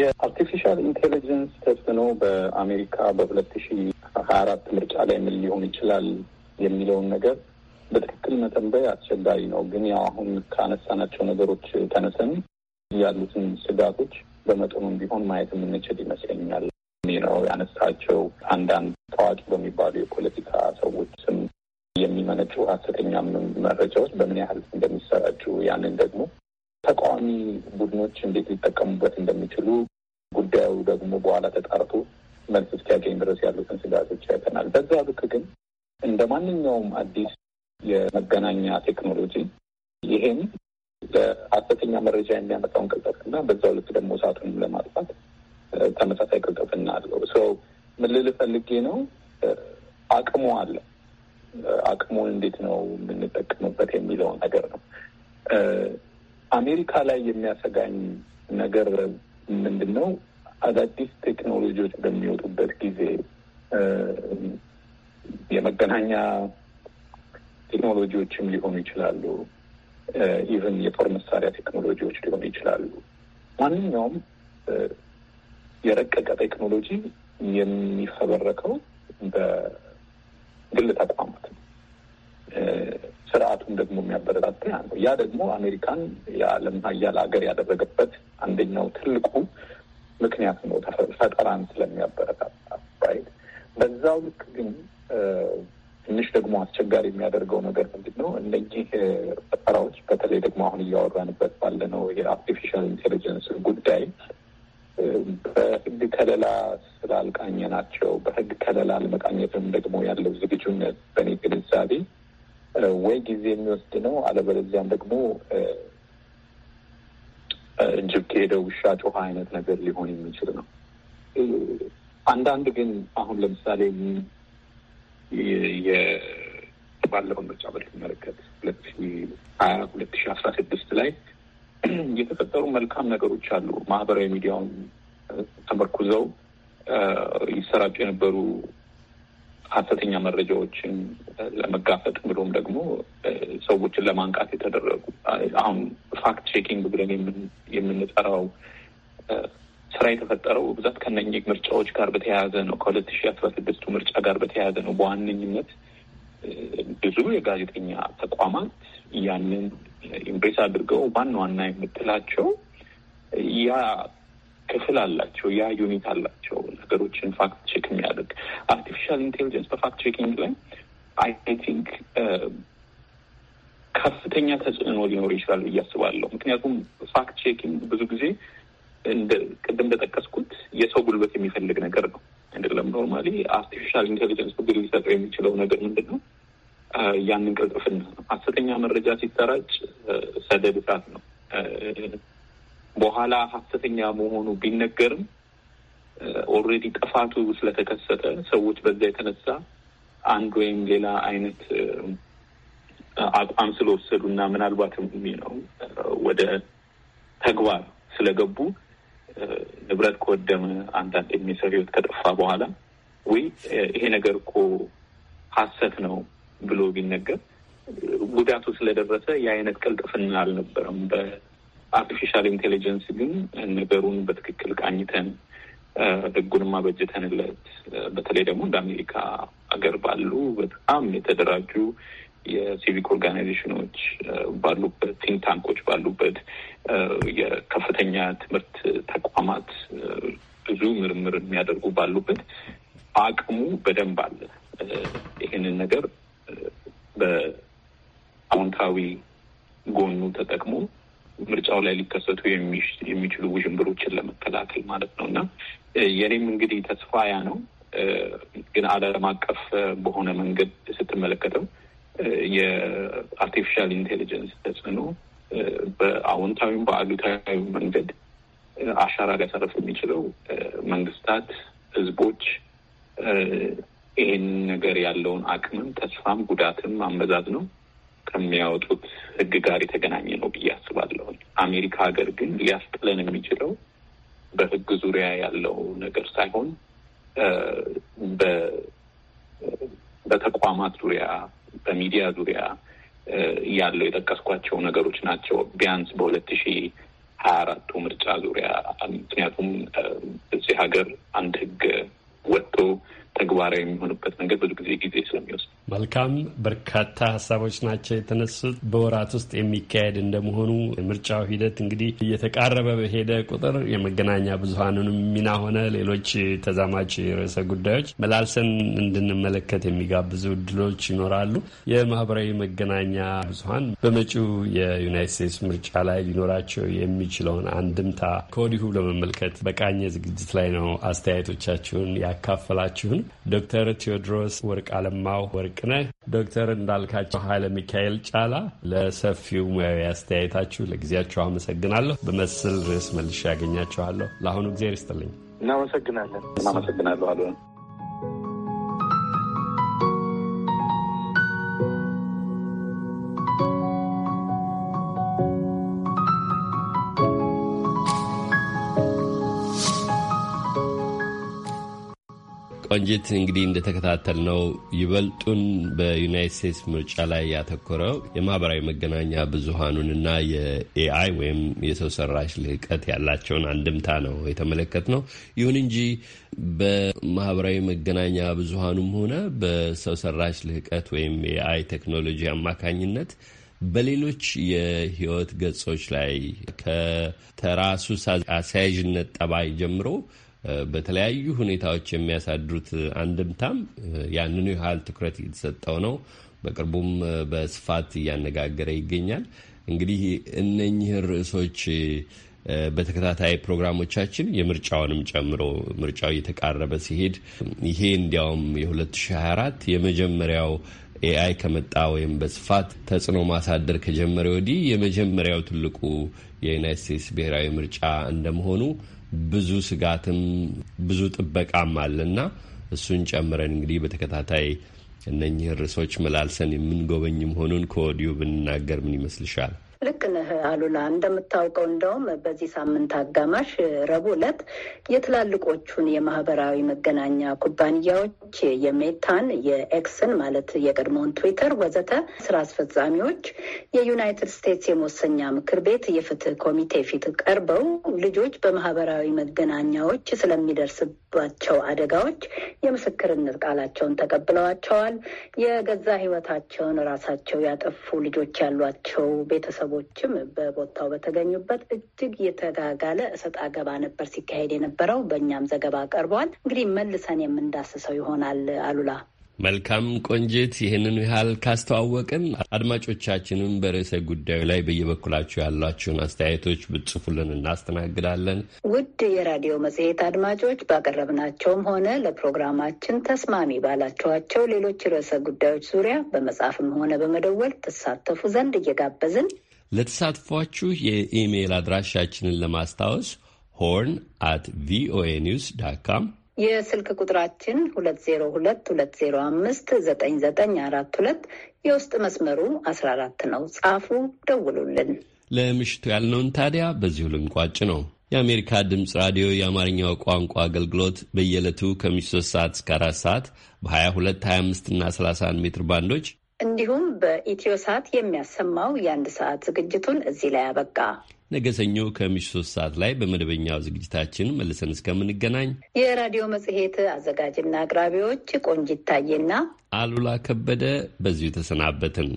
የአርቲፊሻል ኢንቴሊጀንስ ተጽዕኖ በአሜሪካ በሁለት ሺ ሀያ አራት ምርጫ ላይ ምን ሊሆን ይችላል የሚለውን ነገር በትክክል መተንበይ አስቸጋሪ ነው። ግን ያው አሁን ካነሳናቸው ነገሮች ተነሰን ያሉትን ስጋቶች በመጠኑም ቢሆን ማየት የምንችል ይመስለኛል። ነው ያነሳቸው አንዳንድ ታዋቂ በሚባሉ የፖለቲካ ሰዎች ስም የሚመነጩ ሀሰተኛ መረጃዎች በምን ያህል እንደሚሰራጩ ያንን ደግሞ ተቃዋሚ ቡድኖች እንዴት ሊጠቀሙበት እንደሚችሉ ጉዳዩ ደግሞ በኋላ ተጣርቶ መልስ እስኪያገኝ ድረስ ያሉትን ስጋቶች አይተናል። በዛ ልክ ግን እንደ ማንኛውም አዲስ የመገናኛ ቴክኖሎጂ ይሄም ለአሰተኛ መረጃ የሚያመጣውን ቅልጥፍና በዛው ልክ ደግሞ እሳቱንም ለማጥፋት ተመሳሳይ ቅልጥፍና አለው። ሰው ምን ልል ፈልጌ ነው፣ አቅሙ አለ። አቅሙን እንዴት ነው የምንጠቀምበት የሚለው ነገር ነው። አሜሪካ ላይ የሚያሰጋኝ ነገር ምንድን ነው? አዳዲስ ቴክኖሎጂዎች በሚወጡበት ጊዜ የመገናኛ ቴክኖሎጂዎችም ሊሆኑ ይችላሉ። ኢቨን የጦር መሳሪያ ቴክኖሎጂዎች ሊሆኑ ይችላሉ። ማንኛውም የረቀቀ ቴክኖሎጂ የሚፈበረከው በግል ተቋማት ነው። ስርዓቱን ደግሞ የሚያበረታታ ነው። ያ ደግሞ አሜሪካን የዓለም ሀያል ሀገር ያደረገበት አንደኛው ትልቁ ምክንያት ነው። ፈጠራን ስለሚያበረታታ ራይት። በዛው ልክ ግን ትንሽ ደግሞ አስቸጋሪ የሚያደርገው ነገር ምንድን ነው? እነዚህ ፈጠራዎች በተለይ ደግሞ አሁን እያወራንበት ባለነው የአርቲፊሻል ኢንቴሊጀንስ ጉዳይ በህግ ከለላ ስላልቃኘ ናቸው። በህግ ከለላ አለመቃኘትም ደግሞ ያለው ዝግጁነት በእኔ ግንዛቤ ወይ ጊዜ የሚወስድ ነው፣ አለበለዚያም ደግሞ ጅብ ከሄደው ውሻ ጮኸ አይነት ነገር ሊሆን የሚችል ነው። አንዳንድ ግን አሁን ለምሳሌ ባለፈው ምርጫ መለከት ሁለት ሺ ሀያ ሁለት ሺ አስራ ስድስት ላይ የተፈጠሩ መልካም ነገሮች አሉ። ማህበራዊ ሚዲያውን ተመርኩዘው ይሰራጩ የነበሩ ሀሰተኛ መረጃዎችን ለመጋፈጥ ብሎም ደግሞ ሰዎችን ለማንቃት የተደረጉ አሁን ፋክት ቼኪንግ ብለን የምንጠራው ስራ የተፈጠረው ብዛት ከነኚህ ምርጫዎች ጋር በተያያዘ ነው። ከሁለት ሺ አስራ ስድስቱ ምርጫ ጋር በተያያዘ ነው። በዋነኝነት ብዙ የጋዜጠኛ ተቋማት ያንን ኢምፕሬስ አድርገው ዋና ዋና የምትላቸው ያ ክፍል አላቸው። ያ ዩኒት አላቸው ነገሮችን ፋክት ቼክ የሚያደርግ አርቲፊሻል ኢንቴሊጀንስ በፋክት ቼኪንግ ላይ አይ ቲንክ uh, ከፍተኛ ተጽዕኖ ሊኖር ይችላል ብዬ አስባለሁ። ምክንያቱም ፋክት ቼኪንግ ብዙ ጊዜ ቅድም እንደጠቀስኩት የሰው ጉልበት የሚፈልግ ነገር ነው እንደለም ኖርማሊ አርቲፊሻል ኢንቴሊጀንስ ብዙ ሊሰጠው የሚችለው ነገር ምንድን ነው? Uh, ያንን ቅልጥፍና ሐሰተኛ መረጃ ሲሰራጭ uh, ሰደድ እሳት ነው። በኋላ ሀሰተኛ መሆኑ ቢነገርም ኦልሬዲ ጥፋቱ ስለተከሰተ ሰዎች በዛ የተነሳ አንድ ወይም ሌላ አይነት አቋም ስለወሰዱ እና ምናልባትም ነው ወደ ተግባር ስለገቡ ንብረት ከወደመ አንዳንድ የሚሰው ህይወት ከጠፋ በኋላ ወይ ይሄ ነገር እኮ ሀሰት ነው ብሎ ቢነገር ጉዳቱ ስለደረሰ የአይነት ቅልጥፍና አልነበረም። አርቲፊሻል ኢንቴሊጀንስ ግን ነገሩን በትክክል ቃኝተን ህጉንም አበጅተንለት በተለይ ደግሞ እንደ አሜሪካ ሀገር ባሉ በጣም የተደራጁ የሲቪክ ኦርጋናይዜሽኖች ባሉበት ቲንክ ታንኮች ባሉበት የከፍተኛ ትምህርት ተቋማት ብዙ ምርምር የሚያደርጉ ባሉበት አቅሙ በደንብ አለ። ይህንን ነገር በአዎንታዊ ጎኑ ተጠቅሞ ምርጫው ላይ ሊከሰቱ የሚችሉ ውዥንብሮችን ለመከላከል ማለት ነው እና የኔም እንግዲህ ተስፋ ያ ነው። ግን ዓለም አቀፍ በሆነ መንገድ ስትመለከተው የአርቲፊሻል ኢንቴሊጀንስ ተጽዕኖ በአዎንታዊም በአሉታዊ መንገድ አሻራ ሊያሳርፍ የሚችለው መንግስታት፣ ህዝቦች ይህን ነገር ያለውን አቅምም ተስፋም ጉዳትም አመዛዝ ነው ከሚያወጡት ህግ ጋር የተገናኘ ነው ብዬ አስባለሁ። አሜሪካ ሀገር ግን ሊያስጥለን የሚችለው በህግ ዙሪያ ያለው ነገር ሳይሆን በተቋማት ዙሪያ፣ በሚዲያ ዙሪያ ያለው የጠቀስኳቸው ነገሮች ናቸው። ቢያንስ በሁለት ሺ ሀያ አራቱ ምርጫ ዙሪያ ምክንያቱም እዚህ ሀገር አንድ ህግ ወጥቶ ተግባራዊ የሚሆንበት መንገድ ብዙ ጊዜ ጊዜ ስለሚወስድ። መልካም በርካታ ሀሳቦች ናቸው የተነሱት። በወራት ውስጥ የሚካሄድ እንደመሆኑ የምርጫው ሂደት እንግዲህ እየተቃረበ በሄደ ቁጥር የመገናኛ ብዙኃኑንም ሚና ሆነ ሌሎች ተዛማች ርዕሰ ጉዳዮች መላልሰን እንድንመለከት የሚጋብዙ እድሎች ይኖራሉ። የማህበራዊ መገናኛ ብዙሀን በመጪው የዩናይት ስቴትስ ምርጫ ላይ ሊኖራቸው የሚችለውን አንድምታ ከወዲሁ ለመመልከት በቃኘ ዝግጅት ላይ ነው አስተያየቶቻችሁን ያካፈላችሁን። ዶክተር ቴዎድሮስ ወርቅ አለማው ወርቅነህ፣ ዶክተር እንዳልካቸው ኃይለ ሚካኤል ጫላ ለሰፊው ሙያዊ አስተያየታችሁ ለጊዜያችሁ አመሰግናለሁ። በመስል ርዕስ መልሼ ያገኛችኋለሁ። ለአሁኑ ጊዜ ይስጥልኝ። እናመሰግናለን። እናመሰግናለሁ አሉን። ቆንጂት እንግዲህ እንደተከታተል ነው ይበልጡን በዩናይት ስቴትስ ምርጫ ላይ ያተኮረው የማህበራዊ መገናኛ ብዙሀኑን የኤአይ ወይም የሰው ሰራሽ ልህቀት ያላቸውን አንድምታ ነው የተመለከት ነው። ይሁን እንጂ በማህበራዊ መገናኛ ብዙሀኑም ሆነ በሰው ሰራሽ ልህቀት ወይም የኤአይ ቴክኖሎጂ አማካኝነት በሌሎች የህይወት ገጾች ላይ ከተራ አስያዥነት ጠባይ ጀምሮ በተለያዩ ሁኔታዎች የሚያሳድሩት አንድምታም ያንኑ ያህል ትኩረት የተሰጠው ነው። በቅርቡም በስፋት እያነጋገረ ይገኛል። እንግዲህ እነኚህ ርዕሶች በተከታታይ ፕሮግራሞቻችን የምርጫውንም ጨምሮ ምርጫው እየተቃረበ ሲሄድ ይሄ እንዲያውም የ2024 የመጀመሪያው ኤአይ ከመጣ ወይም በስፋት ተጽዕኖ ማሳደር ከጀመረ ወዲህ የመጀመሪያው ትልቁ የዩናይት ስቴትስ ብሔራዊ ምርጫ እንደመሆኑ ብዙ ስጋትም ብዙ ጥበቃም አለና እሱን ጨምረን እንግዲህ በተከታታይ እነኚህ ርዕሶች መላልሰን የምንጎበኝ መሆኑን ከወዲሁ ብንናገር ምን ይመስልሻል? ልክ ነህ አሉላ። እንደምታውቀው እንደውም በዚህ ሳምንት አጋማሽ ረቡዕ ዕለት የትላልቆቹን የማህበራዊ መገናኛ ኩባንያዎች የሜታን፣ የኤክስን ማለት የቀድሞውን ትዊተር ወዘተ ስራ አስፈጻሚዎች የዩናይትድ ስቴትስ የመወሰኛ ምክር ቤት የፍትህ ኮሚቴ ፊት ቀርበው ልጆች በማህበራዊ መገናኛዎች ስለሚደርስባቸው አደጋዎች የምስክርነት ቃላቸውን ተቀብለዋቸዋል። የገዛ ህይወታቸውን ራሳቸው ያጠፉ ልጆች ያሏቸው ቤተሰቡ ቤተሰቦችም በቦታው በተገኙበት እጅግ የተጋጋለ እሰጥ አገባ ነበር ሲካሄድ የነበረው። በእኛም ዘገባ ቀርበዋል። እንግዲህ መልሰን የምንዳስሰው ይሆናል። አሉላ መልካም ቆንጅት፣ ይህንን ያህል ካስተዋወቅን አድማጮቻችንም በርዕሰ ጉዳዩ ላይ በየበኩላቸው ያሏቸውን አስተያየቶች ብጽፉልን እናስተናግዳለን። ውድ የራዲዮ መጽሔት አድማጮች ባቀረብናቸውም ሆነ ለፕሮግራማችን ተስማሚ ባላችኋቸው ሌሎች ርዕሰ ጉዳዮች ዙሪያ በመጻፍም ሆነ በመደወል ትሳተፉ ዘንድ እየጋበዝን ለተሳትፏችሁ የኢሜይል አድራሻችንን ለማስታወስ ሆርን አት ቪኦኤ ኒውስ ዳት ካም የስልክ ቁጥራችን 2022059942 የውስጥ መስመሩ 14 ነው። ጻፉ፣ ደውሉልን። ለምሽቱ ያልነውን ታዲያ በዚሁ ልንቋጭ ነው። የአሜሪካ ድምፅ ራዲዮ የአማርኛው ቋንቋ አገልግሎት በየዕለቱ ከምሽቱ 3 ሰዓት እስከ 4 ሰዓት በ22፣ 25 እና 31 ሜትር ባንዶች እንዲሁም በኢትዮ ሰዓት የሚያሰማው የአንድ ሰዓት ዝግጅቱን እዚህ ላይ አበቃ። ነገ ሰኞ ከምሽቱ ሶስት ሰዓት ላይ በመደበኛው ዝግጅታችን መልሰን እስከምንገናኝ የራዲዮ መጽሔት አዘጋጅና አቅራቢዎች ቆንጂት ታዬና አሉላ ከበደ በዚሁ ተሰናበትን።